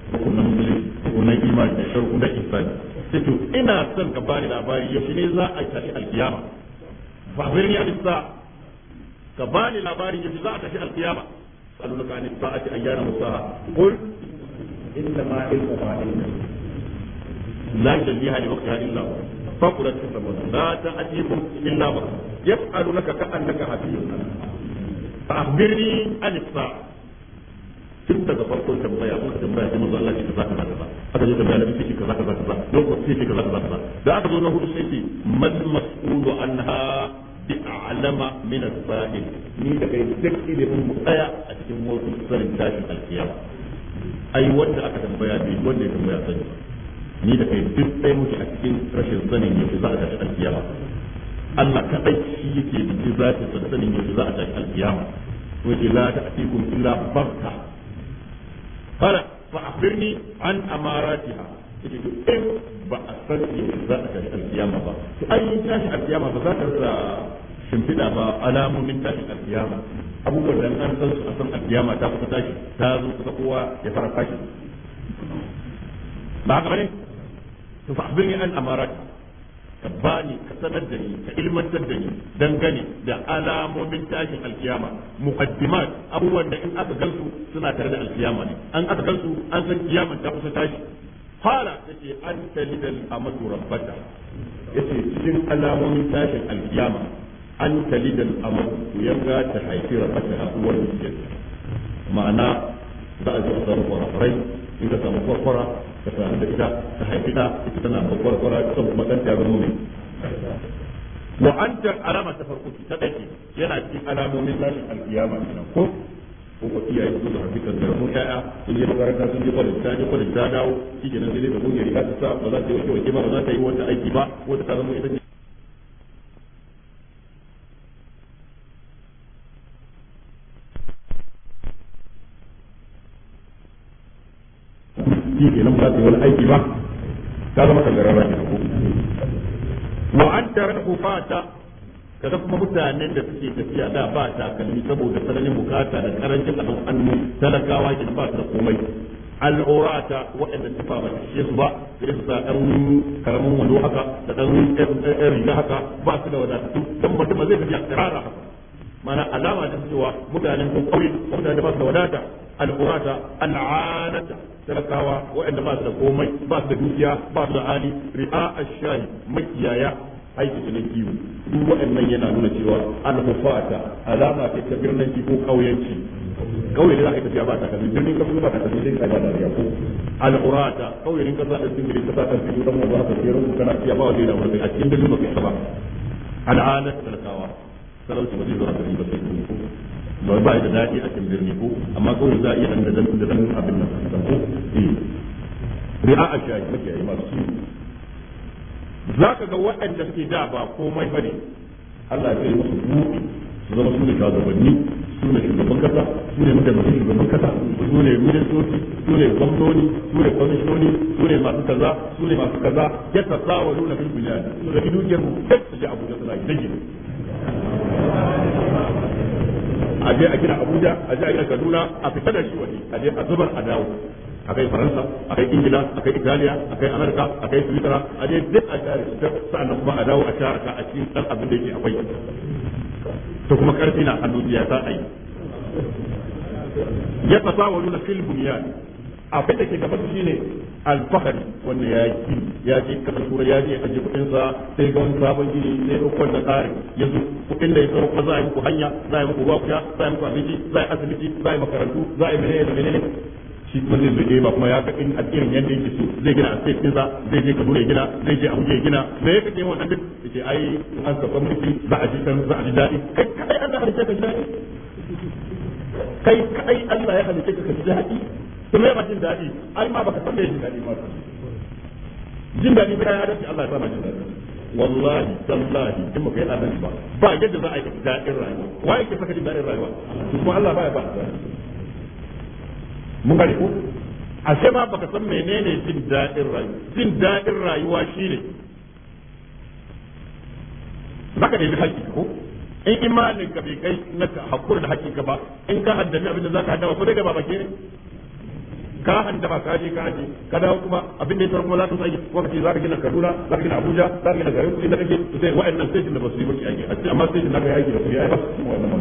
rukunan musulmi imani da insani sai to ina son ka bani labari yaushe ne za a tafi alkiyama fa birni ka bani labarin yaushe za a alkiyama ayyana ma ilmu la illa fakurat kasabuna la ta'tikum illa ma yaf'alunaka ka'annaka hafiyun fa akhbirni an as-sa'a tun daga farkon tambaya ko ka tambaya sai manzo Allah ya kaza kaza kaza aka zo tambaya nabi sai kaza kaza kaza don ko sai kaza kaza kaza da aka zo na hudu sai ce man mas'ulu anha bi a'lama min as ni da kai duk ilimin mu tsaya a cikin motsin sanin tashin alkiyama a wanda aka ni da kai duk ɗaya muke a cikin rashin sanin yau za a tashi alkiyama Allah kaɗai shi yake biki za ta san sanin yau za a tashi alkiyama to ke la ta atikum illa barka fara fa akhbirni an amaratiha yake duk in ba a san yau za a tashi alkiyama ba to ai tashi alkiyama ba za ka rasa shimfiɗa ba alamomin tashin alkiyama abubuwan da an san su a san alkiyama ta kusa tashi ta zo kusa kowa ya fara tashi ba haka bane to fa abin an amarat ka bani ka sanar da ni ka ilmantar da ni dangane da alamomin tashin alkiyama muqaddimat abubuwan da in aka gansu suna tare da alkiyama ne an aka gansu an san kiyaman ta kusa tashi fara yace an talidal amatu rabbata yace cikin alamomin tashin alkiyama an talidal amatu yanga ta haifi rabbata uwar ma'ana za a ji a samu kwarafarai in ka samu ta sami da ita ta haifi ta ita tana kwarkwara ta kuma ɗanta ta zama mai wa an ta alama ta farko ta ɗaki yana cikin alamomin tashin alkiyama kenan ko ko ko iyaye su da hakika da mun yaya sun yi makaranta sun je kwalin ta je kwalin ta dawo shi kenan sai dai da mun yi ta sa ba za ta yi wata wake ba ba za ta yi wata aiki ba wata ta zama ita ce shi ke nan ba su wani aiki ba ta zama kangararra ke ko wa an tara fata kaga kuma mutanen da suke tafiya da ba takalmi saboda tsananin bukata da karancin abin hannu talakawa ke ba ta komai al'urata waɗanda su ba shi su ba sai su sa ɗan karamin wando haka da ɗan riga haka ba su da wadatattu don mutum zai tafiya tsirara haka mana alama ta cewa mutanen kun ƙauye mutanen da ba su da wadata al'urata al'anata talakawa waɗanda ba su da komai ba su da dukiya ba su da hali ri'a ashari makiyaya aiki su kiwo duk waɗannan yana nuna cewa an hufata alama ce ta birnin ko kauyanci kauye ne za a tafiya ba ta birnin ba ta sai ba da riya ko kauye ne kasa da cikin kasa da cikin dan ba kana ba da wani a cikin ba ba talakawa ba zai zo a ba sai ba ba da dadi a cikin birni ko amma kawai za a iya dan da dan da dan abin nan da ko eh ri'a a shi muke yi masu su ka ga waɗanda suke da ba komai bane Allah ya yi musu buɗi su zama su ne shugabanni su ne shugaban kasa su ne mataimakin shugaban kasa su ne ministoci su ne gwamnoni su ne kwamishinoni su ne masu kaza su ne masu kaza ya tasawa nuna fil su da dukiyar mu sai su ji abu da suna gidan gidan a je a gina Abuja a je a gina Kaduna a fita da shi waje a je a zubar a dawo akai Faransa akai Ingila akai Italiya akai Amerika akai Switzerland a je duk a tare sa'annan kuma a dawo a sha a cikin dan abin da yake akwai to kuma karfi na hannu ya sa a yi ya tasawalu na fil bunyan abin da ke gaba shi ne alfahari wannan ya ki ya je kasar kura ya je a jikinsa sai ga wani sabon gini sai ga ɗauko tsari ya zo kuɗin da ya zo kuma za a yi muku hanya za a yi muku bakuya za a yi muku abinci za a yi asibiti za a yi makarantu za a yi menene da menene shi kuma zai zuge ba kuma ya ga in addinin yadda yake so zai gina a state ɗinsa zai je Kaduna ya gina zai je Abuja ya gina me ya kake wannan duk ke ai an saba miki za a ji kan za a ji daɗi kai kai an ya harshe ka ji daɗi kai kai Allah ya halice ka ka ji daɗi to me ba jin daɗi ai ma baka san me jin daɗi ba jin daɗi bai ya dace Allah ya sa ma jin daɗi wallahi tallahi in muka yi adalci ba ba yadda za a yi daɗin rayuwa wa yake saka jin daɗin rayuwa kuma Allah baya ba mun gane ko ashe ma baka san menene jin daɗin rayuwa jin daɗin rayuwa shine baka nemi haƙƙi ko in imanin ka bai kai na hakuri da haƙƙi ka ba in ka haddami abin da zaka haddama ko dai ga babake ne ka hanta ba ka je ka je ka dawo kuma abin da ya tarko za ka sai ko kace za ka gina Kaduna za ka gina Abuja za ka gina garin kudi da kake to sai wa'annan sai da basu yi miki aiki amma sai da ka aiki da kuri ai ba wannan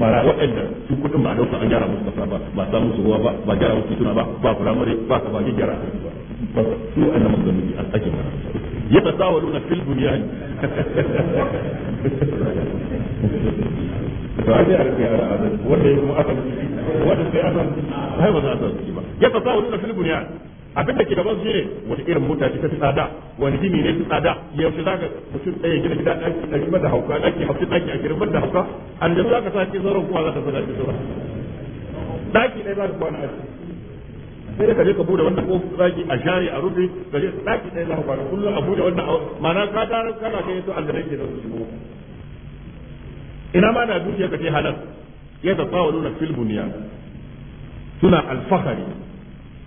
mara waɗanda su kuɗin ba dauka an gyara musu kasa ba ba sa musu ruwa ba ba gyara musu tuna ba ba firamare ba ka ba gyara ba su wa'annan a ake ba يتساولون في bunyan to ai ya abin da ke gaban su ne wata irin mota ta fi tsada wani gini ne fi tsada yaushe za ka mutum ɗaya gina gida ɗaki ɗari mata hauka ɗaki hauki ɗaki a girman da hauka an da za ka sa ke sauran kuma za ta sa ke sauran ɗaki ɗaya za ka kwana a ciki sai ka je ka bude wannan kofi zaki a share a rufe ka je daki dai za ka kullu kullum a bude wannan ma'ana ka tara kana kai to Allah ke da su ina ma na dukiya ka ce halal ya tasawaluna fil bunya suna alfahari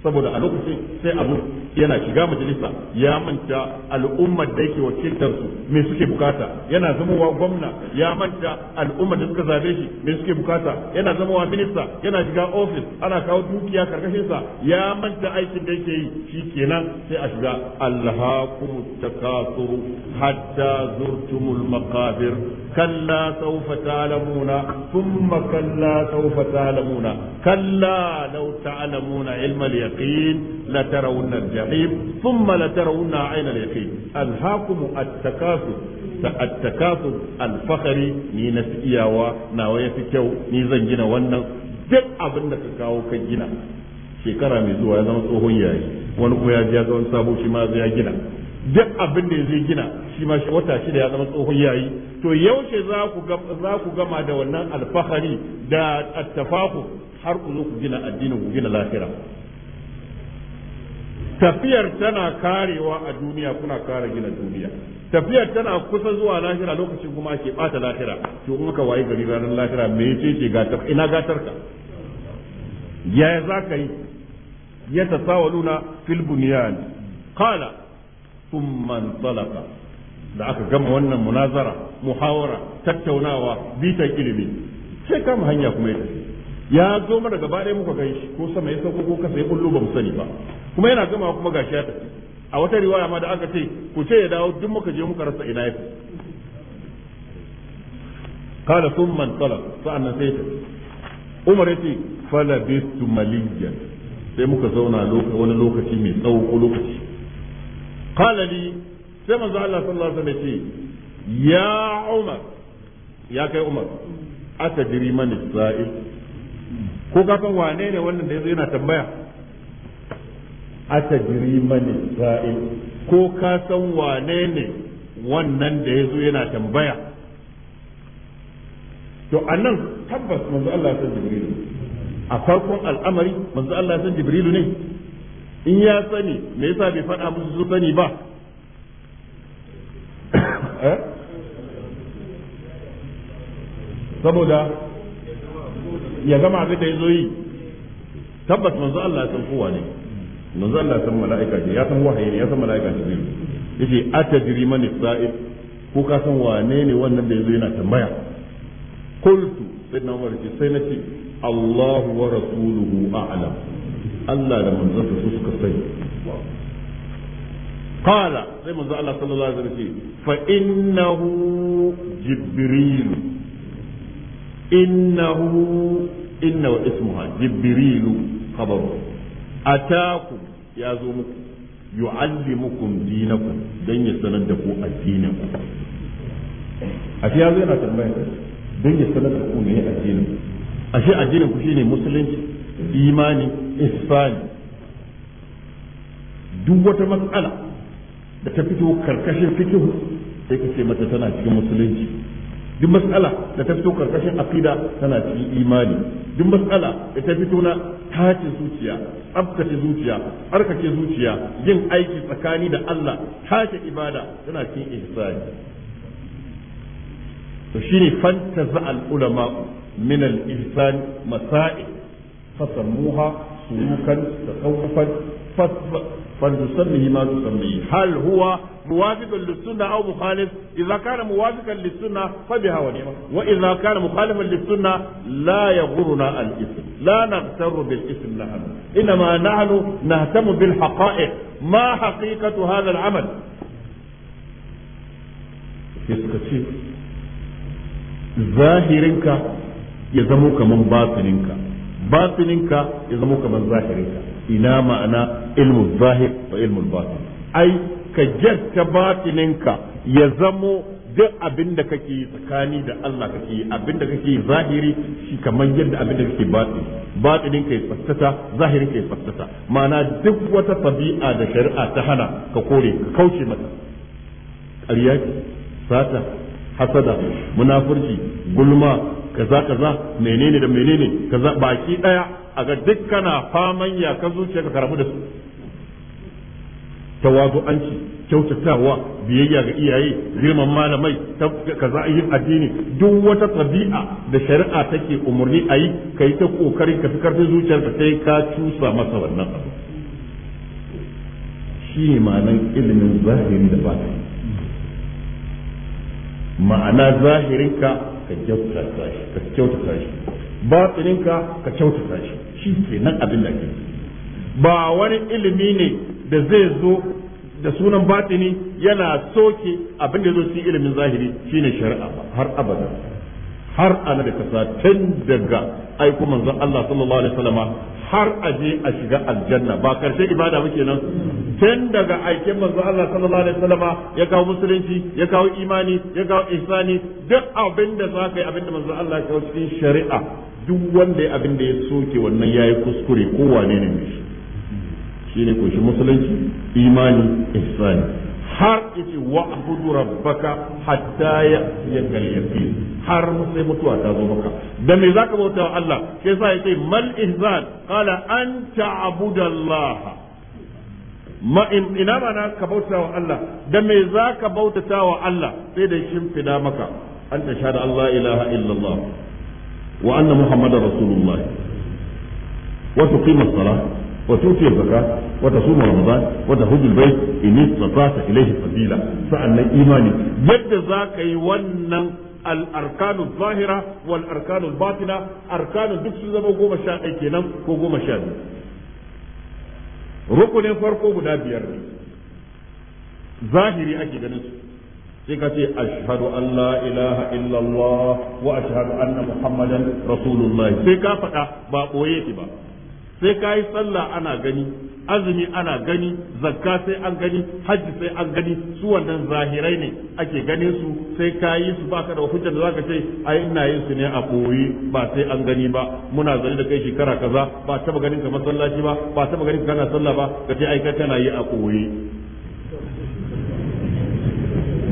saboda a lokacin sai abu yana shiga majalisa ya manta al'ummar da yake wakiltar su me suke bukata yana zamowa gwamna ya manta al'ummar da suka zabe shi me suke bukata yana zamowa minista yana shiga ofis ana kawo dukiya karkashin sa ya manta aikin da yake yi kenan sai a shiga alhaakum takasuru hatta zurtumul maqabir كلا سوف تعلمون ثم كلا سوف kalla كلا لو تعلمون ilmal yaqin لترون الجحيم ثم لترون عين اليقين ألهاكم التكاثر التكاثر الفخري ni na fi iyawa nawa ya fi kyau ni zan gina wannan duk abin da ka kawo ka gina shekara mai zuwa ya zama tsohon yayi wani kuma ya ya wani sabo shi ma zai gina duk abin da zai gina shi ma shi wata shida ya zama tsohon yayi to yaushe za ku za ku gama da wannan alfahari da attafaku har ku zo ku gina addinin ku gina lahira tafiyar tana karewa a duniya kuna kare gina duniya tafiyar tana kusa zuwa lahira lokacin kuma ke bata lahira to kuma ka waye gari ranar lahira me yace ce ga ina gatar ka yaya za ka yi ya tasawaluna fil bunyan qala thumma talaqa da aka gama wannan munazara muhawara tattaunawa bitan ilimi sai kama hanya kuma ya ya zo mana gaba ɗaya muka gan shi ko sama ya sauko ko kasa ya kullu ba mu sani ba kuma yana gama kuma gashi ya tafi a wata riwaya ma da aka ce ku ce ya dawo duk muka je muka rasa ina ya tafi man tsala sa'an sa'annan sai ta umar ce fala bistu maliyan sai muka zauna wani lokaci mai tsawo ko lokaci kala li sai manzo Allah sallallahu alaihi wasallam ya ce ya umar ya kai umar atadiri man sa'il ko ka san wane ne wannan da yanzu yana tambaya atajri mani sa'il ko ka san wane ne wannan da yanzu yana tambaya to nan tabbas manzo Allah san jibrilu a farkon al'amari manzo Allah san jibrilu ne in ya sani me yasa bai faɗa musu su sani ba <coughs> eh? saboda ya gama abin da ya zo yi tabbas manzo Allah ya san kowa ne manzo Allah ya san mala'ika ne ya san wahayi ne ya san mala'ika ne yace atajri man sa'id ko ka san wane ne wannan da yazo yana tambaya qultu sai na umar ce sai nace Allah wa rasuluhu a'lam Allah da manzo su suka sai qala sai manzo Allah sallallahu alaihi wasallam ce fa innahu jibril إنه إن wa جبريل jibrilu أتاكم ataku ya zo muku دين dinakum dan ya sanar da ku addinin ku ashe yazo yana tambaya dan ya sanar da ku duk wata matsala da ta fito karkashin fikihu sai ka ce mata tana cikin musulunci duk matsala da ta fito karkashin aqida tana cikin imani duk matsala da ta fito na tace zuciya tsabtace zuciya tsarkake zuciya yin aiki tsakani da Allah tace ibada tana cikin ihsani to shine fantaza al ulama min al ihsan masail fasamuha سلوكا تخوفا فلنسميه ما تسميه هل هو موافق للسنة أو مخالف إذا كان موافقا للسنة فبها ونعمة وإذا كان مخالفا للسنة لا يغرنا الإثم لا نغتر بالإثم نحن إنما نحن نهتم بالحقائق ما حقيقة هذا العمل zahirinka ya zamo kaman batininka batininka ya zama kamar zahirinka ina ma'ana ilmu zahir wa ilmu batin ai ka jatta batininka ya zamo duk abin da kake tsakani da Allah kake abin da kake zahiri shi kamar yadda abin da kake batin Batsinin ka ya tsaftsata zahirin ka ya tsaftsata ma'ana duk wata tabi'a da shari'a ta hana ka kore ka kauce mata ƙarya sata hasada munafurci gulma kaza kaza menene da menene kaza baki daya a ga dukkana faman ya ka zuciya ka karamu da su tawazu'anci kyautatawa biyayya ga iyaye girman malamai kaza yin addini duk wata tabi'a da shari'a take umarni a yi ka yi ta kokarin ka fi karfin ka sai ka cusa masa wannan abu shi ne ma'anan ilimin zahiri da batini ma'ana zahirinka ka kyautata shi ka kyautata shi ka kyautata shi shi ke nan abin da ke ba wani ilimi ne da zai zo da sunan batini yana soke abin da zo cikin ilimin zahiri shine shari'a har abada har ana da kasa tun daga aiko manzon Allah sallallahu alaihi wasallama har a je a shiga aljanna ba karshe ibada muke nan tun daga aikin manzon Allah sallallahu alaihi wasallama ya kawo musulunci ya kawo imani ya kawo ihsani duk abin da za ka yi abin da manzon Allah ya kawo cikin shari'a duk wanda ya abin da ya soke wannan yayi kuskure ko wane ne shi shine ko shi musulunci imani ihsani har yace wa abudu rabbaka hatta ya'tiyaka yaqin har sai mutuwa ta zo maka da me zaka bauta wa Allah sai sa yace mal ihzan qala an ta'budu Allah ma ina ba na ka bauta wa Allah da me zaka bautata wa Allah sai da shimfida maka an ta shahada Allah ilaha illallah wa anna muhammadar rasulullah wa tuqima as-salah وتؤتي الزكاة وتصوم رمضان وتحج البيت إن استطعت إليه سبيلا فأنا إيماني يد ذاك يونن الأركان الظاهرة والأركان الباطنة أركان duk sun zama goma sha ɗaya kenan ko goma sha biyu rukunin farko guda biyar ne zahiri ake ganin su sai ka ce ashhadu an la ilaha muhammadan sai ka faɗa ba ɓoye ki ba sai ka yi sallah ana gani azumi ana gani zakka sai an gani hajji sai an gani su wannan zahirai ne ake ganin su sai ka yi su baka da hujjar da zaka ce ai ina yin su ne a koyi ba sai an gani ba muna zane da kai shekara kaza ba taba ganin ka masallaci ba ba taba ganin ka kana sallah ba ka ce ai ka tana yi a koyi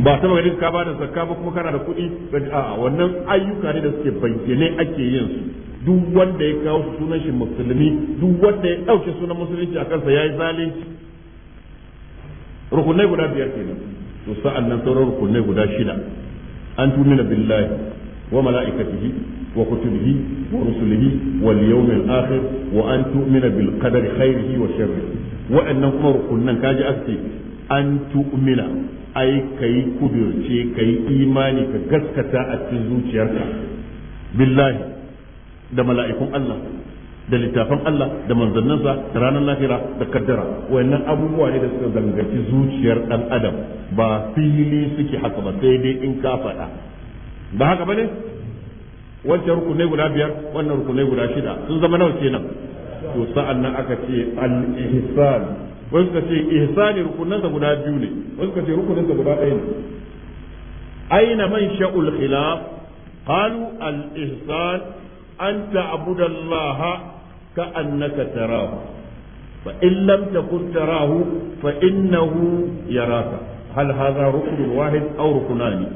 ba taba ganin ka ba da zakka ba kuma kana da kuɗi a wannan ayyuka ne da suke bayyane ake yin su duk wanda ya kawo sunan shi musulmi duk wanda ya ɗauke sunan musulunci a kansa ya yi zalunci rukunai guda biyar kenan to sa'an nan sauran rukunai guda shida an tumina billahi wa mala'ikatihi wa kutubihi wa rusulihi wal yawmil akhir wa an tu'mina bil qadari khairihi wa wa'annan kuma rukunan kaji ake an tu'mina ai kai kudirce kai imani ka gaskata a cikin zuciyarka billahi da mala'ikun Allah da littafan Allah da manzanninsa, da ranar lahira da kaddara wayannan abubuwa ne da suka zangaci zuciyar ɗan adam ba fili suke haka ba sai dai in ka faɗa ba haka ba ne? wancan rukunai guda biyar wannan rukunai guda shida sun zama nawa kenan to sa'an nan aka ce al-ihsan wasu ka ce ihsani rukunansa guda biyu ne wasu ka ce rukunansa guda ɗaya ne aina man sha'ul khilaf qalu al-ihsan أن تعبد الله كأنك تراه فإن لم تكن تراه فإنه يراك هل هذا ركن واحد أو ركنان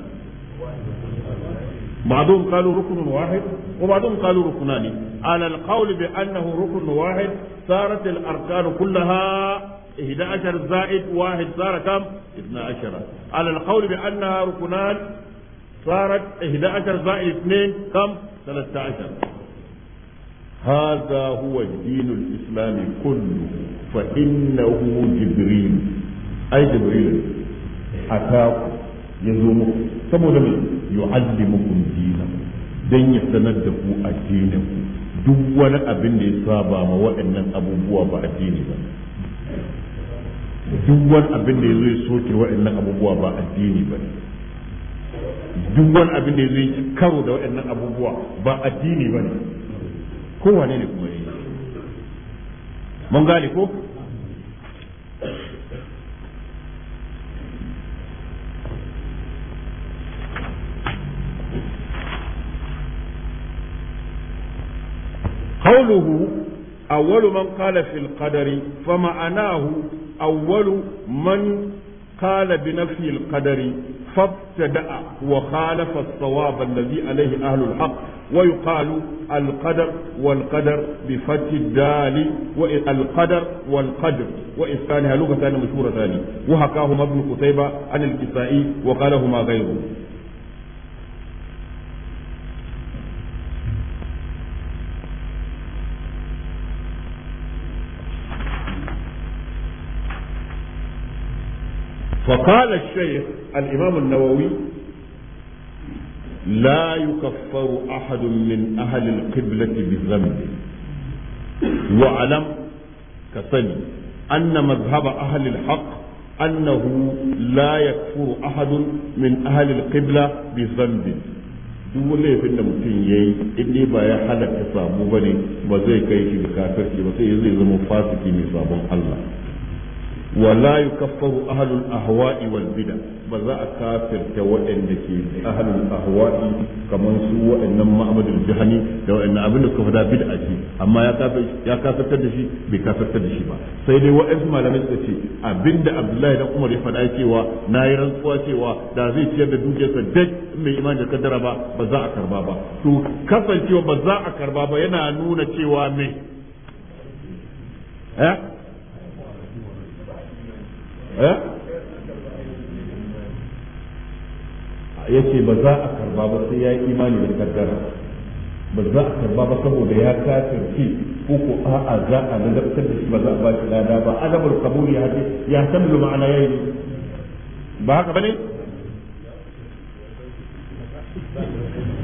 بعضهم قالوا ركن واحد وبعضهم قالوا ركنان على القول بأنه ركن واحد صارت الأركان كلها 11 زائد واحد صار كم 12 على القول بأنها ركنان صارت 11 زائد 2 كم 13 هذا هو kullum الإسلامي كله فإنه جبريل أي جبريل أتاكم يزومكم saboda mai yu'allimukum dinakum dan ya sanar da ku addinin duk wani abin da ya saba ma waɗannan abubuwa ba addini ba duk wani abin da zai soke waɗannan abubuwa ba addini ba duk wani abin da zai karo da waɗannan abubuwa ba addini ba ne kun wani liku ne mungaliku. hahluhu a walu man kala fil kadari fa ma'anahu a walu man kala bina fil kadari. فابتدأ وخالف الصواب الذي عليه أهل الحق ويقال القدر والقدر بفتح الدال القدر والقدر وإسكانها لغة مشهورة وهكاهما ابن قتيبة عن الكسائي وقالهما غيره فقال الشيخ الإمام النووي لا يكفر أحد من أهل القبلة بذنب واعلم كسني أن مذهب أهل الحق أنه لا يكفر أحد من أهل القبلة بذنب duk wani laifin da mutum ya yi in dai ba ya halatta samu ba ne ba zai kai shi da kafirci ba sai zai zama fasiki mai sabon Allah ولا يكفر أهل الأهواء والبدع بزا كافر كوئن لكي أهل الأهواء كمن سوى إنما أبد الجهني لو إن أبن كفدا بدعة أما يا كافر يا كافر تدشي بكافر تدشي با سيدي وإذ ما لم تدشي أبن عبد الله بن عمر فدا كيوا نايرا كوا كيوا دا زي تيار دا دوجة سدج من إيمان كدر با بزا كربا با تو كفر كيوا بزا كربا با ينا نونا كيوا مي ها Eh? ya ce ba za a karba ba sai ya yi imani da kaddara ba za a karba ba saboda ya kafirci ko ko a'a za a nazartar da shi ba za a ba shi lada ba adabar kabuli ya ce ya san lu ma'ana yayi ba haka bane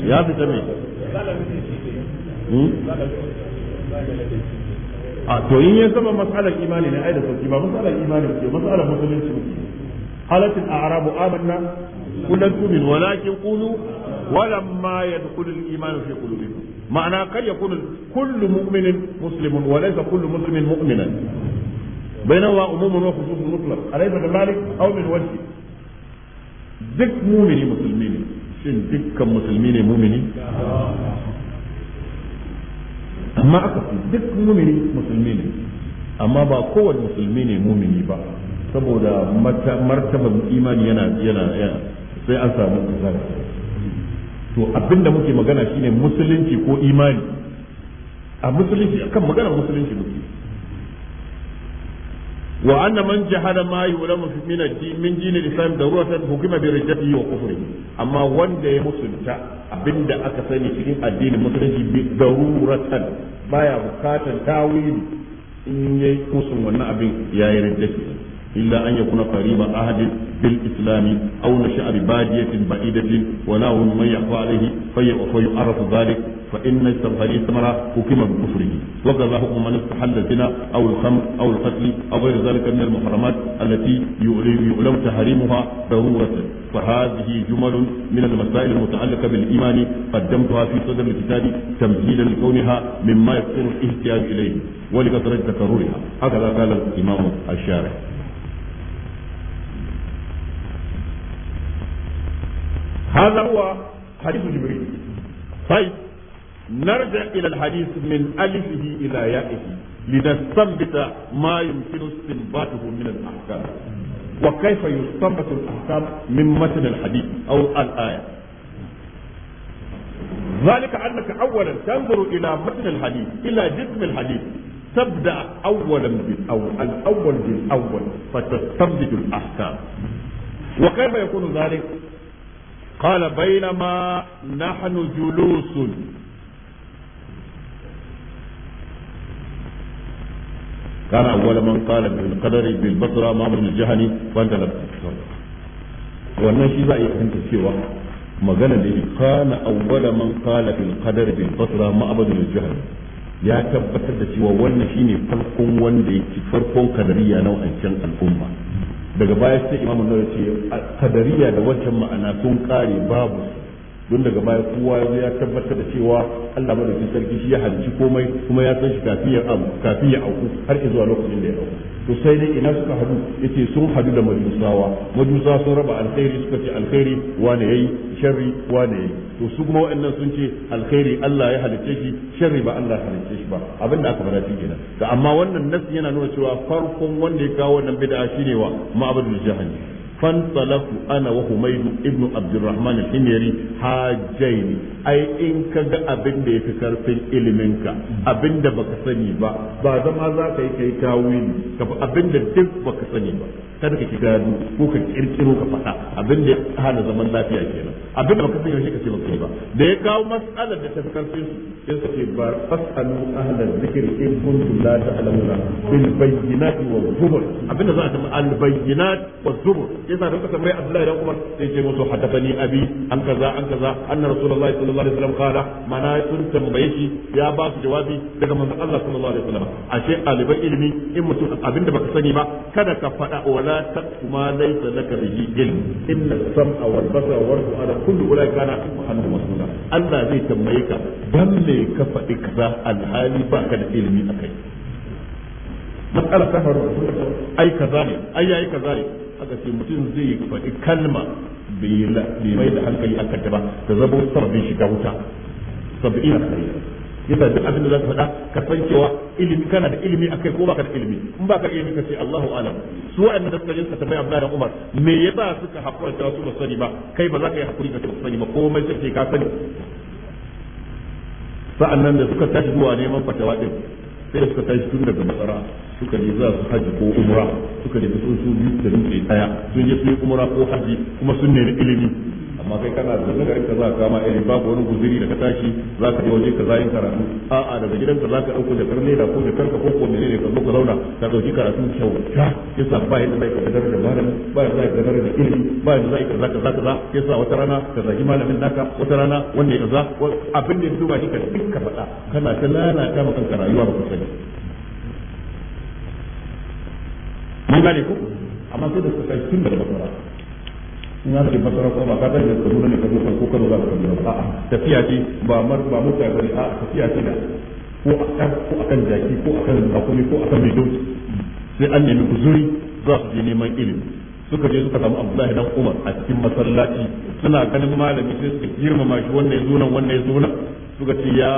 ya fita me hmm? a to in ya zama mas'alar imani ne ai da sauki ba mas'alar imani ce mas'alar musulunci ne halatin a'rabu amanna kullum tumin walakin qulu walamma yadkhulu al-iman fi qulubikum ma'ana kar yakunu kullu mu'minin muslimun wa laysa kullu muslimin mu'minan بينهما عموم وخصوص مطلق أليس كذلك أو من وجه duk mumini musulmi ne shin dukkan musulmi ne mumini amma aka duk mumini musulmi ne amma ba kowane musulmi ne mumini ba saboda martaban imani yana yana sai an samu kasara to abinda muke magana shine musulunci ko imani a musulunci akan magana musulunci muke wa anna man jahala ma yulamu fi min ad-din min din al-islam darurata hukuma bi wa kufri amma wanda ya musulta abinda aka sani cikin addinin musulunci bi daruratan baya bukatan tawili in yayi kusun wannan abin yayi rijatihi illa an yakuna qariba ahadin بالإسلام أو نشأ ببادية بعيدة ولا هم من يخفى عليه فيعرف ذلك فإن هذه الثمرة حكم بكفره وكذا حكم من استحل الزنا أو الخمر أو القتل أو غير ذلك من المحرمات التي يعلم تحريمها ضرورة فهذه جمل من المسائل المتعلقة بالإيمان قدمتها في صدر الكتاب تمهيدا لكونها مما يكون الاحتياج إليه ولكثرة تكررها هكذا قال الإمام الشارح هذا هو حديث جبريل طيب نرجع إلى الحديث من ألفه إلى يائه لنستنبط ما يمكن استنباطه من الأحكام وكيف يستنبط الأحكام من متن الحديث أو الآية ذلك أنك أولا تنظر إلى متن الحديث إلى جسم الحديث تبدأ أولا بالأول الأول بالأول فتستنبط الأحكام وكيف يكون ذلك قال بينما نحن جلوس كان أول من قال بالقدر بالبصرة الجهني wannan shi za a yi fahimta cewa magana da kana awwala man qala bil qadar al ya tabbatar da cewa wannan shine farkon wanda ci farkon kadariya na wancan al'umma daga baya sai imamu nawawi ce kadariya da wancan ma'ana sun kare babu don daga baya kowa ya tabbatar da cewa Allah madaukakin sarki shi ya halici komai kuma ya san shi kafin ya auku har zuwa lokacin da ya auku to sai dai ina suka hadu yace sun hadu da majusawa majusa sun raba alkhairi suka ce alkhairi wane yayi sharri wane yayi to su kuma wa'annan sun ce alkhairi Allah ya halicce shi sharri ba Allah ya halicce shi ba abinda aka fara cikin Da amma wannan nasi yana nuna cewa farkon wanda ya kawo wannan bid'a shine wa ma'abudul jahannam فانطلقوا انا وحميد ابن عبد الرحمن الحميري حاجين in ka ga ابين da yafi karfin iliminka abin da baka sani ba ba zama za ka yi kai tawili abin da duk baka sani ba kada ka shiga yadu ko ka kirkiro ka faɗa abin da ya hana zaman lafiya kenan abin da baka san shi ka ce baka ba da ya kawo mas'alar da ta fi karfin su sai su ce ba fasalu ahlal zikr in kuntum la ta'lamuna bil bayyinati wa zubur abin da za a tama al bayyinat wa zubur yasa da kuka tambaye Abdullahi dan Umar sai ce musu haddathani abi an kaza an kaza anna rasulullahi sallallahu alaihi wasallam qala mana sun tambaye shi ya ba su jawabi daga manzon Allah sallallahu alaihi wasallam ashe ɗaliban ilimi in mutum abin da baka sani ba kada ka faɗa wa ولا تقف ما ليس لك به علم إن السمع والبصر والفؤاد كل أولئك كان عنه مسؤولا الله زي تميك دم لي كفى إكذا الحالي باك العلمي أكي مسألة كفر أي كذلك أي أي كذلك haka ce mutum zai faɗi kalma bai mai da hankali a kanta ba ta zama sarabin shiga wuta sab'ina kare yasa duk abin da zaka faɗa ka san cewa ilimi kana da ilimi akai ko baka da ilimi in baka ilimi ka ce Allahu alam su wa'annan da suka yi suka tambaya Abdullahi Umar me yasa suka hakura da su ba sani ba kai ba za ka yi hakuri ka sani ba komai kake ka sani sa'annan da suka tashi zuwa neman fatawa din sai da suka tashi tun daga masara suka je za su haji ko umra suka je su su biyu da dutse daya sun je su yi umra ko haji kuma sun nemi ilimi amma kai kana da garin ka za ka kama irin babu wani guziri daga tashi za ka je waje ka zayin karatu a'a daga gidanka za ka ɗauko da karne da ko da karka ko ko ne ka zo ka zauna ka ɗauki karatu kyau ta yasa ba yadda zai ka gadar da malamin ba yadda zai ka gadar da ilimi ba yadda zai ka za ka za ka za yasa wata rana ka zagi malamin naka wata rana wanda ya za abin da ya duba shi ka duk ka faɗa kana ta lalata ma kanka rayuwa ba ku sani mun gane ku amma sai da suka kai tun da makara. in za ka je fasara kuma ka tare da kaduna ne ka zo ko kano za ka je ba a'a tafiya ce ba mar ba mota bane a'a tafiya ce da ko a kan ko a kan jaki ko a kan hakuri ko a kan mai dauki sai an nemi huzuri za su je neman ilimi suka je suka samu Abdullahi dan Umar a cikin masallaci suna ganin malami sai suka girmama shi wannan ya zo nan wannan ya zo nan suka ce ya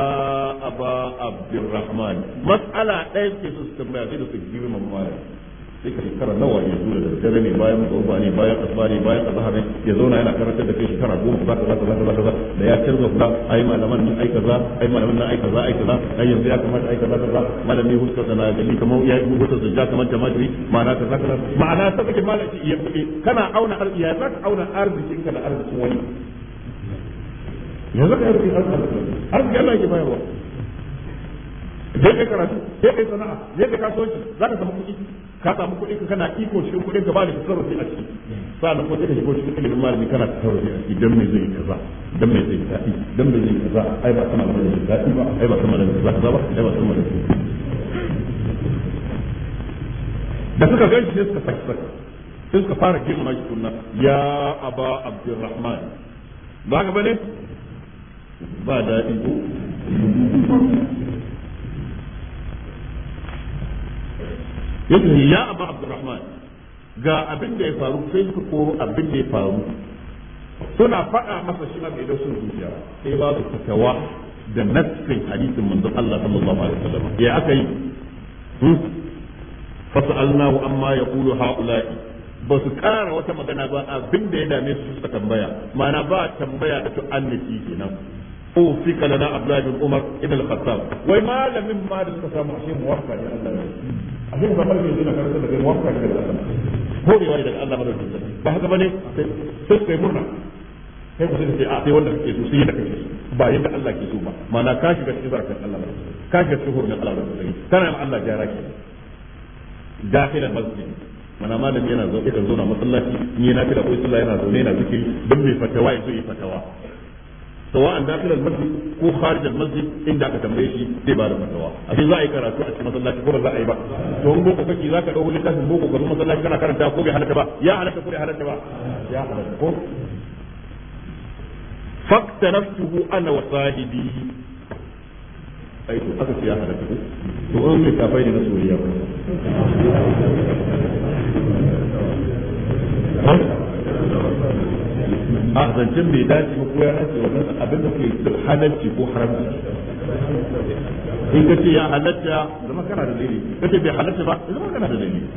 aba Abdurrahman mas'ala ɗaya ce su tambaya sai da su girmama malami sai ka shekara nawa ya zo da daddare ne bayan tsofa ne bayan asuba ne bayan azhar ne ya zauna yana karantar da kai shekara goma za ka za ka za ka za ka da ya kula yi malaman nan za a yi malaman nan yanzu ya kamata malami sana gani kamar ya yi ja kamar ma'ana ka za ma'ana ta kake malaki ya kuɗi kana auna arziki ya za ka auna arzikin ka da arzikin wani ya za ka yi arziki arziki Allah ke bayarwa kai karatu je kai sana'a je kai kasuwanci za ka samu kuɗi ka samu kuɗin ka kana iko shi kuɗin ka ba tsaro tasarrufi a ciki sai ko sai ka shigo shi cikin ilimin malami kana tsaro tasarrufi a ciki dan me zai kaza dan me zai kaza dan me zai kaza ai ba sama da zai tafi ba ai ba sama da zai kaza ba ai ba sama da da suka ga shi suka saki saki sai suka fara girma mai kunna ya aba abdurrahman ba ga bane ba da ko yake ya abu abdurrahman ga abin da ya faru sai ka ko abin da ya faru suna faɗa masa shi ma bai da sun zuciya sai babu fatawa da nassin hadisin manzon Allah sallallahu alaihi wasallam ya aka yi hmm? fasalnahu amma yaqulu haula'i ba su kara wata magana ba abin da ya dame su suka tambaya ma'ana ba tambaya da to annabi kenan ko fi kalana abdullah bin umar ibn al-khattab wai malamin ma da suka samu shi muwaffa ya Allah abin ba farko yanzu na karanta da kai wafka daga Allah horewa ne daga Allah madaukakin sarki ba haka bane sai kai murna kai ku sai a sai wanda kake so sai da kake ba yadda Allah ke so ba ma'ana ka shiga cikin barkan Allah ba ka shiga cikin hurumin Allah ba kana yin Allah jara ke dakhilan masjid mana malami yana zo yakan zo na masallaci ni na kira ko sallah yana zo ne yana zikiri don mai fatawa ya zo yi fatawa sawa'an dakil al-masjid ko kharij al-masjid inda aka tambaye shi zai bada fatawa abin za a yi karatu a cikin masallaci ko ba za a yi ba to in boko kake zaka dauko kafin boko ka zo masallaci kana karanta ko bai halatta ba ya halatta ko bai halatta ba ya halatta ko fakta faktaraftuhu ana wa sahibi Aiko aka ya halatta ko to an mai kafai ne na soyayya a zancen bai dace ba ko ya dace wannan abin da ke halarci ko haramci in ka ce ya halatta zama kana da dalili ka ce bai halatta ba zama kana da dalili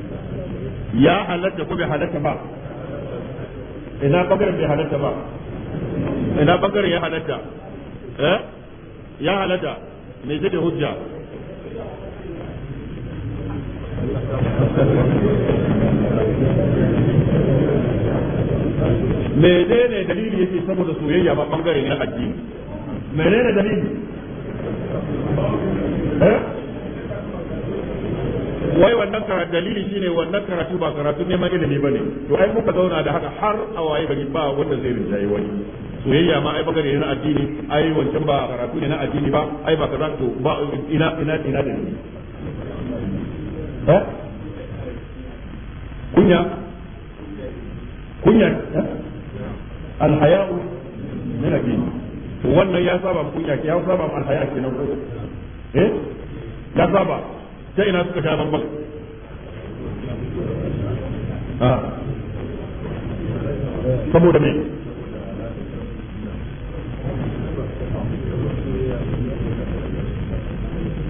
ya halatta ko bai halatta ba ina bangaren bai halatta ba ina bangaren ya halatta eh ya halatta mai zai da hujja menene dalili yake saboda soyayya ba bangare ne addini menene dalili eh? wai wannan karatu dalili shine wannan karatu ba karatu neman ilimi bane to ai muka zauna da haka har a waye gari ba wanda zai rinjaye wani soyayya ma ai bangare ne na addini ai wancan ba karatu ne na addini ba ai ba kaza to ba ina ina ina dalili ni eh? kunya kunya alhaya'u min ad wannan ya saba kunya ya saba alhaya kenan ko eh ya saba sai ina suka sha bambam saboda me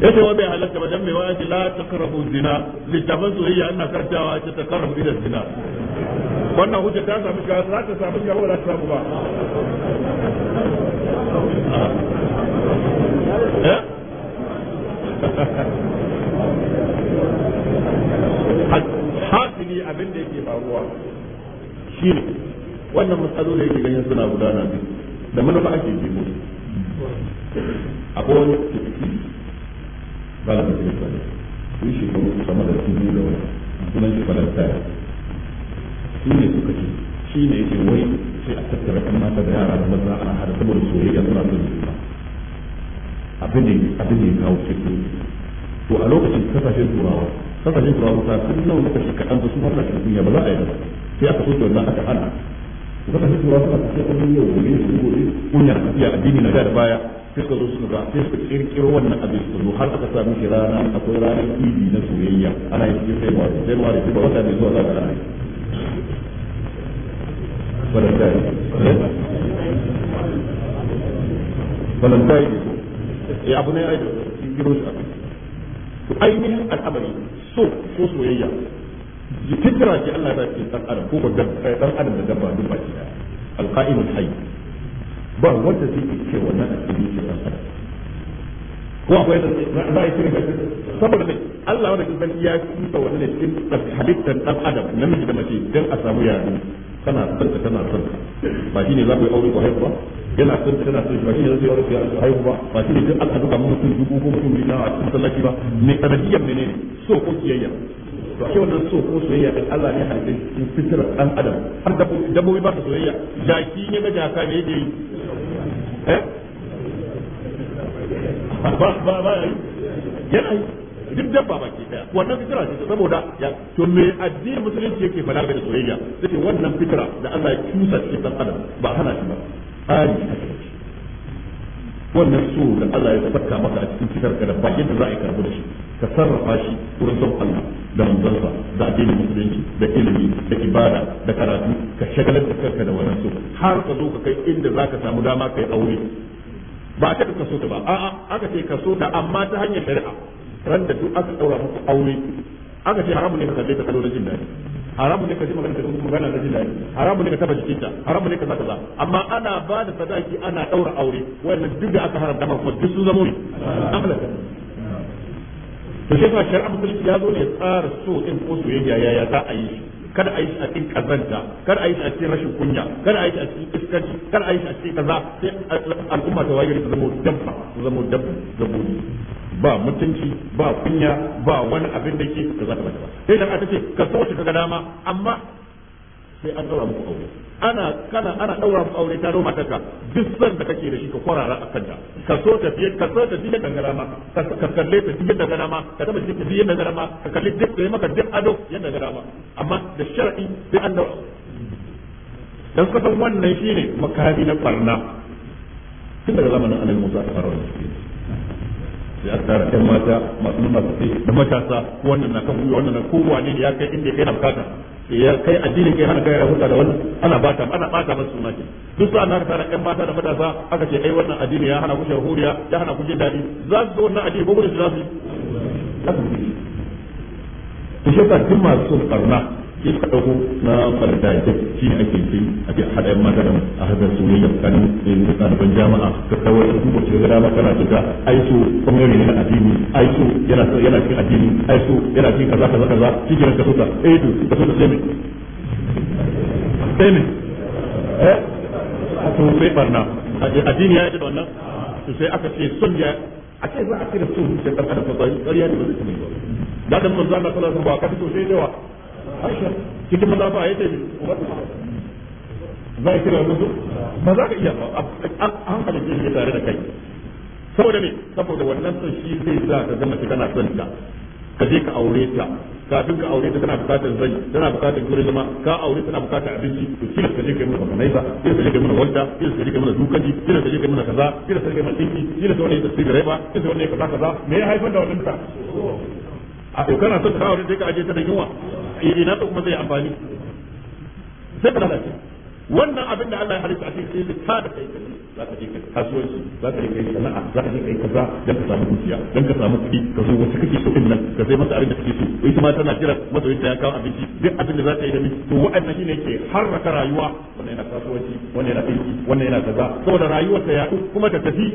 yace wa bai halatta ba dan mai wa'azi la taqrabu zina littafin soyayya ana kartawa ta taqrabu ila zina wannan hujja ta samu shiga za ta samu shiga ba za ta samu ba eh? hasili abin da yake faruwa shi ne wannan matsalolin yake ganin suna gudana biyu da manufa ake ji musu akwai wani tafi ba da tafi ba ne shi shekaru sama da su biyu da wani sunan shi falastaya su ne suka ce shi ne yake wai sai a tattara kan mata da yara da maza a hada saboda soyayya suna son juna abin da abin da ya kawo fito to a lokacin kasashen turawa kasashen turawa ta sun nawa muka shi kaɗan da su har da duniya ba za a yi ba sai aka so wannan aka hana kasashen turawa suna tafiya wani yau da gobe su gobe kunya tafiya addini na da baya sai suka zo suka ga sai suka kirkiro wannan abin su zo har aka sa shi rana akwai ranar idi na soyayya ana yin sai wa sai wa da ba wata mai zuwa za a ga falantai ya eh, abu ne ai giro shi abin to ainihin al'amari so ko soyayya fitra ce Allah ta ce dan adam ko ga dan eh, adam da dabba duk baki daya alqa'imul hayy ba wanda zai ce wannan a cikin shi dan adam ko akwai saboda Allah wanda kin sarki ya kusa wannan cikin halittar dan adam namiji da mace dan a samu yaro kana son ta kana son ba shi ne za ku yi aure ku haihu ba yana son ta kana son ba shi ne za ku yi aure ku haihu ba ba shi ne duk aka duka mutum dubu ko mutum biyu na a cikin sallaki ba ne sanadiyar menene so ko kiyayya to ake wannan so ko soyayya din Allah ne halitta cikin fitrar dan adam har dabbobi ba su soyayya jaki ne ga jaka ne da yi eh ba ba ba yana yi duk dabba ke daya wannan fitira ce saboda ya to me addinin musulunci yake fada da soyayya sai wannan fitira da Allah ya kusa cikin dan adam ba hana shi ba ai wannan so da Allah ya tabbata maka a cikin fitar ka da bakin da za a karbu da shi ka sarrafa shi wurin son Allah da manzansa da addinin musulunci da ilimi da ibada da karatu ka shagalar da kanka da wannan so har ka zo ka kai inda za ka samu dama kai aure ba ta ka so ta ba a'a aka ce ka so ta amma ta hanyar shari'a randa duk aka daura muku aure aka ce haramu ne ka kalle ta kallo da jin dadi haramu ne ka ji magana da kuma magana da jin dadi haramu ne ka taba jikinta haramu ne ka za amma ana ba da sadaki ana daura aure wannan duk da aka haramta ma kuma duk sun zamo ne to sai fa shar'a musulunci ya zo ne tsara so din ko soyayya ya za a yi kada a yi shi a cikin kazanta kada a yi shi a cikin rashin kunya kada a yi shi a cikin iskanci kada a yi shi a cikin kaza sai al'umma ta wajiri ta zama dabba ta zama dabba dabbobi ba mutunci ba kunya ba wani abin da ke da za ka bata ba sai da aka ce ka so ka ga dama amma sai an daura muku aure ana kana ana daura muku aure ta roma ka duk san da kake da shi ka kwarara a kanta ka so ta fiye ka so ta fiye da garama ka kalle ta fiye da garama ka taba shi fiye da garama ka kalle duk da maka duk ado yadda garama amma da shar'i sai an daura dan kasan wannan shine makami na farna tun daga zamanin annabi Musa a fara wannan sai tsara ɗan mata masu nuna sai da matasa wannan na kan gwiwa wannan na kowa ne ya kai inda kai na bukata ya kai addinin kai hana kai ya rahuta da wannan ana bata ana bata masu suna ke duk su na tsara ɗan mata da matasa aka ce ai wannan addini ya hana kushe huriya ya hana kushe daɗi za su zo wannan addini ko gudu su za su yi. Tushe ka tun masu karna sai dauko na farda da shi ne ake yi ake hada mata da a hadar soyayya tsakanin ɗaliban jama'a ka kawai da kuma ce gara kana tuka ai so kwamnati ne na addini ai so yana cikin addini ai yana cikin kaza kaza kaza shi ke ka tuka eh to ka tuka sai me sai me eh to sai barna addini ya yi da wannan sai aka ce son ya a ce za a cire son zuciyar ɗan adam ba ƙarya ne ba zai ta mai ba da dan manzo sai cikin maza ba ya ce za kira mutu ba za ka iya ba an halitta shi tare da kai saboda ne saboda wannan son shi zai sa ka zama kana son ta ka je ka aure ta kafin ka aure ta tana bukatar zai tana bukatar gurin zama ka aure tana bukatar abinci to kila ka je kai mana bakanai ba kila ka je kai mana wanda kila ka je kai mana dukaji kila ka je kai mana kaza kila ka je kai mana dinki kila ka wani ta sigare ba kila ka wani kaza kaza me ya haifar da wannan ta a kana son ka aure sai ka aje ta da yunwa eh na kuma zai amfani sai ka lalace wannan abin da Allah ya halitta a cikin sai ka da kai za ka je kai kasuwanci za ka je kai sana'a za ka je kai kaza dan ka samu kuciya dan ka samu kuɗi ka zo wasu kake so din nan ka sai masa abin da kake so ita ma tana jira masa yadda ya kawo abinci duk abin da za ta yi da ni to wa'annan shine yake harraka rayuwa wannan yana kasuwanci wannan yana aiki wannan yana kaza saboda rayuwar ta ya kuma ta tafi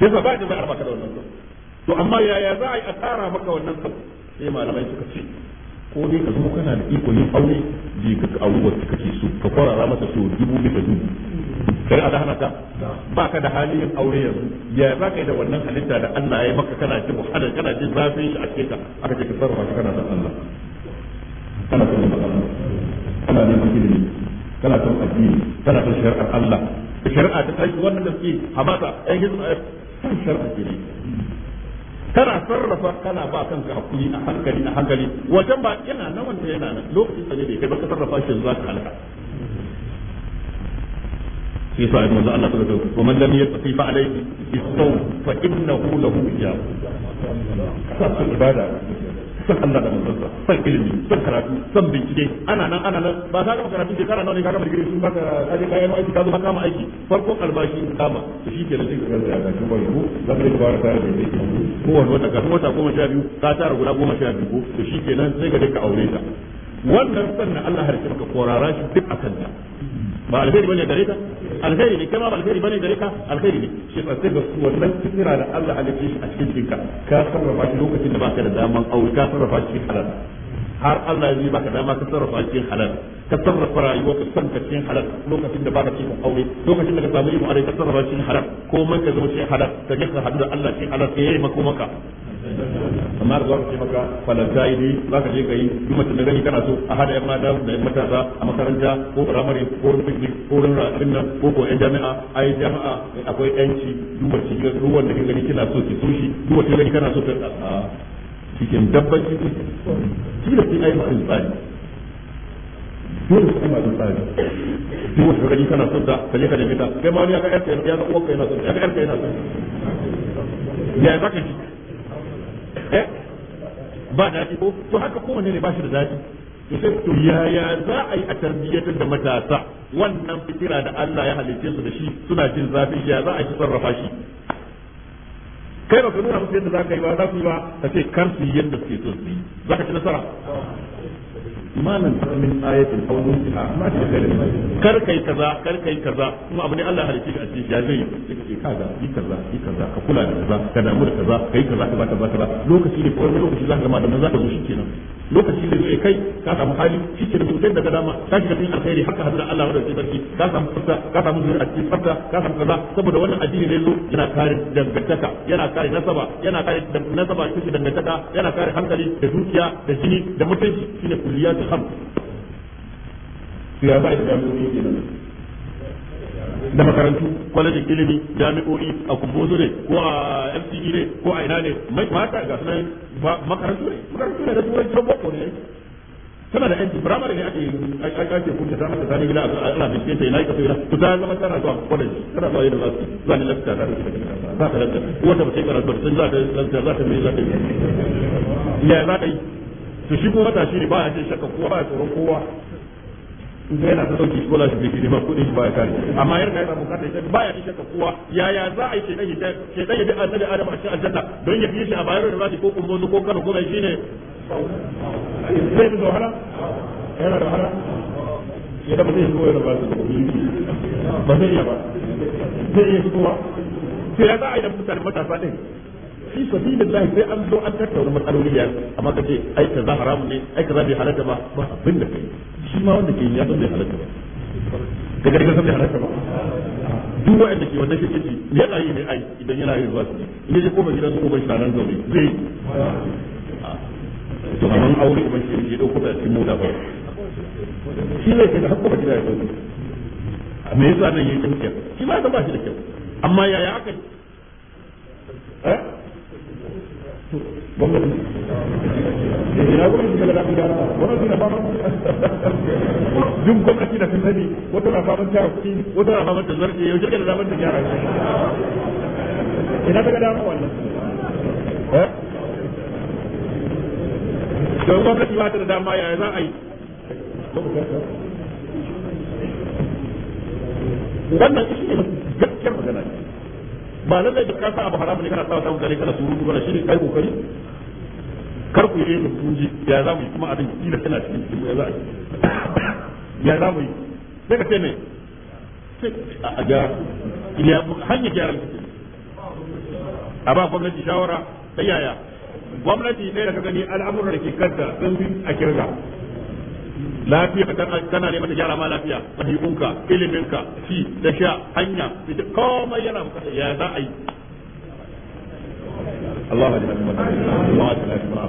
sai ba da za arba ka da wannan to amma yaya za a yi a tsara maka wannan sabu sai malamai suka ce ko dai ka zo kana da iko yin aure bi ka aure wacce kake so ka kwarara masa to dubu da dubu kai a da hana ta ba ka da hali yin aure yanzu ya za ka yi da wannan halitta da Allah ya maka kana jin wahala kana jin zafin shi a cikin ka aka ce ka sarrafa shi kana da Allah kana son Allah kana neman ilimi kana son addini kana da shari'ar Allah shari'a ta tashi wannan da suke hamata ai hizba shari'a ke ne kana sarrafa kana ba kanka hakuri a hankali a hankali wajen ba yana na wanda yana nan lokacin da ne bai kai ba ka sarrafa shi yanzu ka halaka shi sa ibn Allah ta dauka wa man lam yastati fa alayhi bis-sawm fa innahu lahu ijab ibada son Allah da manzon son ilimi son karatu son bincike ana nan ana nan ba ka gama karatu shekara nawa ne ka gama digiri sun baka ka je kayan aiki ka zo ka kama aiki farko albashi in kama to shi ke da zai ga ya ga ba yau da ka ba ta da ne ko wani wata kafin wata goma sha biyu ka tara guda goma sha biyu to shi kenan sai ka je ka aure ta wannan sannan Allah harke ka korara shi duk a kanta ba alheri bane gare ka alheri ne kai ma ba alheri bane gare ka alheri ne shi sai wannan fikira da Allah shi a cikin jinka ka sarrafa shi lokacin da baka da daman aure ka sarrafa shi halal har Allah ya baka dama ka sarrafa cikin halal ka sarrafa rayuwa ka san cikin halal lokacin da baka cikin aure lokacin da ka samu ilimin aure ka sarrafa halal ko ka zama halal ka ga hadu da Allah cikin halal maka maka amma da zuwa ce maka falanta yi za ka je ka duk mace da gani kana so a hada yan mata da yan matasa a makaranta ko firamare ko wurin ko wurin abin nan ko ko yan jami'a ai jami'a akwai yanci duk mace ga ruwan da gani kina so ki so shi duk mace gani kana so ka cikin dabbar ciki shi da sai ai ba tsari dole su kuma su tsari duk wata gani kana so ta ka je ka nemi ta kai ma wani ya ga yarka ya ga uwarka yana so ya ga yarka yana so ya zaka ji Eh? ba daɗi ko to haka kowanne ne ba shi da daɗi to sai to yaya za a yi a tarbiyyatar da matasa wannan fikira da Allah ya halicce su da shi suna jin zafi ya za a ci sarrafa shi kai ba ka nuna musu yadda za ka yi ba za ku yi ba ka ce kar su yi yadda suke so su yi za ka ci nasara ma nan min ayatin aw nusiha ma ta kalima kar kai kaza kar kai kaza kuma abin Allah ya halice ka ce ya zai suka ce kaza yi kaza yi kaza ka kula da kaza ka damu da kaza kai kaza ka kaza kaza lokaci ne kawai lokaci zaka gama da nan zaka zo shikenan lokaci ne zai kai ka samu hali shikenan to dan daga dama ka shiga cikin alkhairi haka hadda Allah wanda zai barki ka samu fata ka samu zuri a cikin fata ka samu kaza saboda wannan addini ne zo yana kare dangantaka yana kare nasaba yana kare nasaba cikin dangantaka yana kare hankali da dukiya da jini da mutunci shine kulliyatu. الخمر ya ba da makarantu kwalejin ilimi jami'o'i a kumbozo ne ko a mce ne ko a ina ne mai mata ga suna sunan makarantu ne makarantu ne da turai can boko ne tana da yanci firamare ne ake ake kunta ta mata zani gina a ana bincike ta ina ka tsira ku ta zama tana zuwa kwaleji tana zuwa yin lafi za ni lafiya za ta lafiya wata ba ta yi karatu sun za ta lafiya za ta mai za ta yi ya za ta yi to shi kuma matashi ne ba ya ce shakka kowa ba ya tsoron kowa in yana ta sauki ko lashi bai ba kudin shi baya kare amma yar kai samu kata Ba ya shi shakka kowa yaya za a yi ke hidda shedan bi annabi adam a cikin aljanna don ya fi shi a bayar da zaki ko kuma ko kano ko mai shine sai da wahala yana da wahala ya da mutum ya da ba su ba zai iya ba zai ya a yi da mutane matasa fi Allah sai an zo an tattauna matsaloli ya amma kace ai ka za haramu ne ai ka za bai halatta ba ba abin da kai shi ma wanda ke ya san bai halatta ba daga daga san bai halatta ba duk wanda ke wanda kake ci yana yi ne ai idan yana yi ba ne je ko ba gidan ko ba shi zo ne zai to amma aure ba shi je dauko da cikin mota ba shi ne ke da hakko ba gida ya zaune me yasa nan yake kyau shi ma ba shi da kyau amma yaya aka eh gwamnati ina gwamnati daga da sun sani wata na faman wata na faman da ta gyara ina daga dama wannan gwamnati ba ta da dama yaya za a yi wannan shi gaskiyar magana ba lallai duk kasa abu haramun ne kana sa ta mutane kana ba shi ne kai kokari kar ku yi tunji ya za mu yi kuma abin kila kana cikin cikin ya za a ya za mu yi sai ka ce ne a ga ya hanya gyara a ba gwamnati shawara ta yaya gwamnati ne da ka gani al'amuran da ke kanta sun fi a kirga lafiya kana neman ta gyara ma lafiya fahimkunka iliminka ci da sha hanya komai yana ya za a yi الله اجعل من وعافنا فيما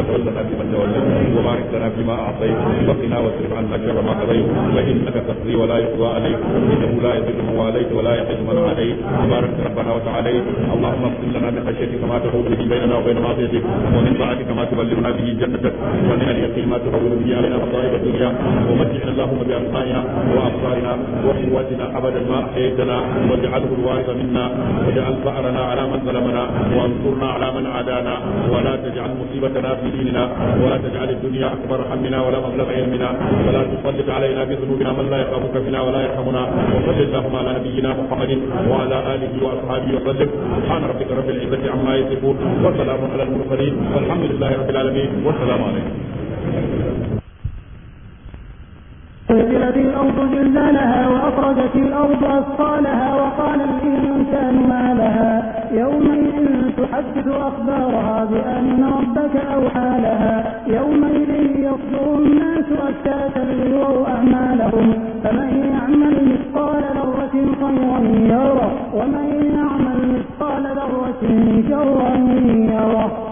وتولنا فيمن توليت وبارك لنا فيما اعطيت وقنا واصرف عنا شر ما قضيت فانك تقضي ولا يقضى عليك انه لا يضل من واليت ولا يحج من عليك تبارك ربنا وتعاليت اللهم اقسم لنا من خشيتك ما تحول به بيننا وبين معصيتك ومن طاعتك ما تبلغنا به جنتك ومن اليقين ما تحول به علينا مصائب الدنيا ومتعنا اللهم باسمائنا وابصارنا وقوتنا ابدا ما احييتنا واجعله الوارث منا واجعل ثارنا على من ظلمنا وانصرنا على من عادانا ولا تجعل مصيبتنا في ديننا ولا تجعل الدنيا اكبر همنا ولا مبلغ علمنا ولا تسلط علينا بذنوبنا من لا يخافك فينا ولا يرحمنا وصل اللهم على نبينا محمد وعلى اله واصحابه وسلم سبحان ربك رب العزه عما يصفون وسلام على المرسلين والحمد لله رب العالمين والسلام عليكم زلزلت الأرض جلالها وأخرجت الأرض أثقالها وقال الإنسان ما لها يومئذ تحدث أخبارها بأن ربك أوحى لها يومئذ يصدر الناس أشتاتا ليروا أعمالهم فمن يعمل مثقال ذرة خيرا يره ومن يعمل مثقال ذرة شرا يره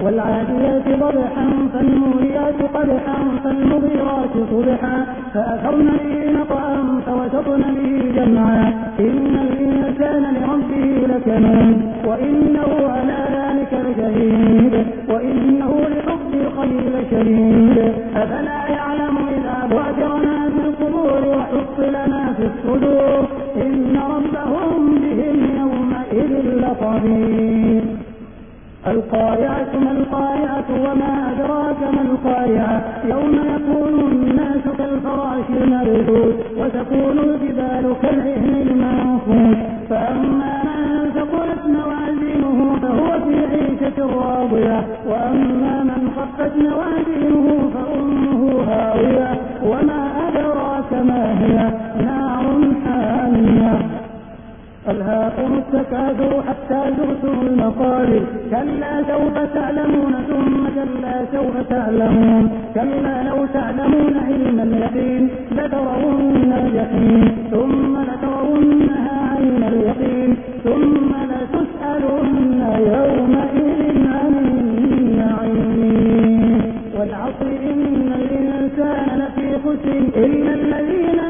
والعاديات ضبحا فالموريات قدحا فالمغيرات صبحا فأثرن به نقعا فوسطن به جمعا إن الإنسان لربه لكنون وإنه على ذلك لشهيد وإنه لحب الخير لشديد أفلا يعلم إذا بعثر ما في القبور وحصل ما في الصدور إن ربهم بهم يومئذ لطبيب القارعة ما القارعة وما أدراك ما القارعة يوم يكون الناس كالفراش المردود وتكون الجبال كالعهن المنفوش فأما من ثقلت موازينه فهو في عيشة راضية وأما من خفت موازينه فأمه هاوية وما أدراك ما هي نار حامية ألهاكم التكاثر حتى زرتم المقابر كلا سوف تعلمون ثم كلا سوف تعلمون كلا لو تعلمون علم اليقين لترون اليقين ثم لترونها عين اليقين ثم لتسألن يومئذ عن النعيم والعصر إن الإنسان لفي خسر إلا الذين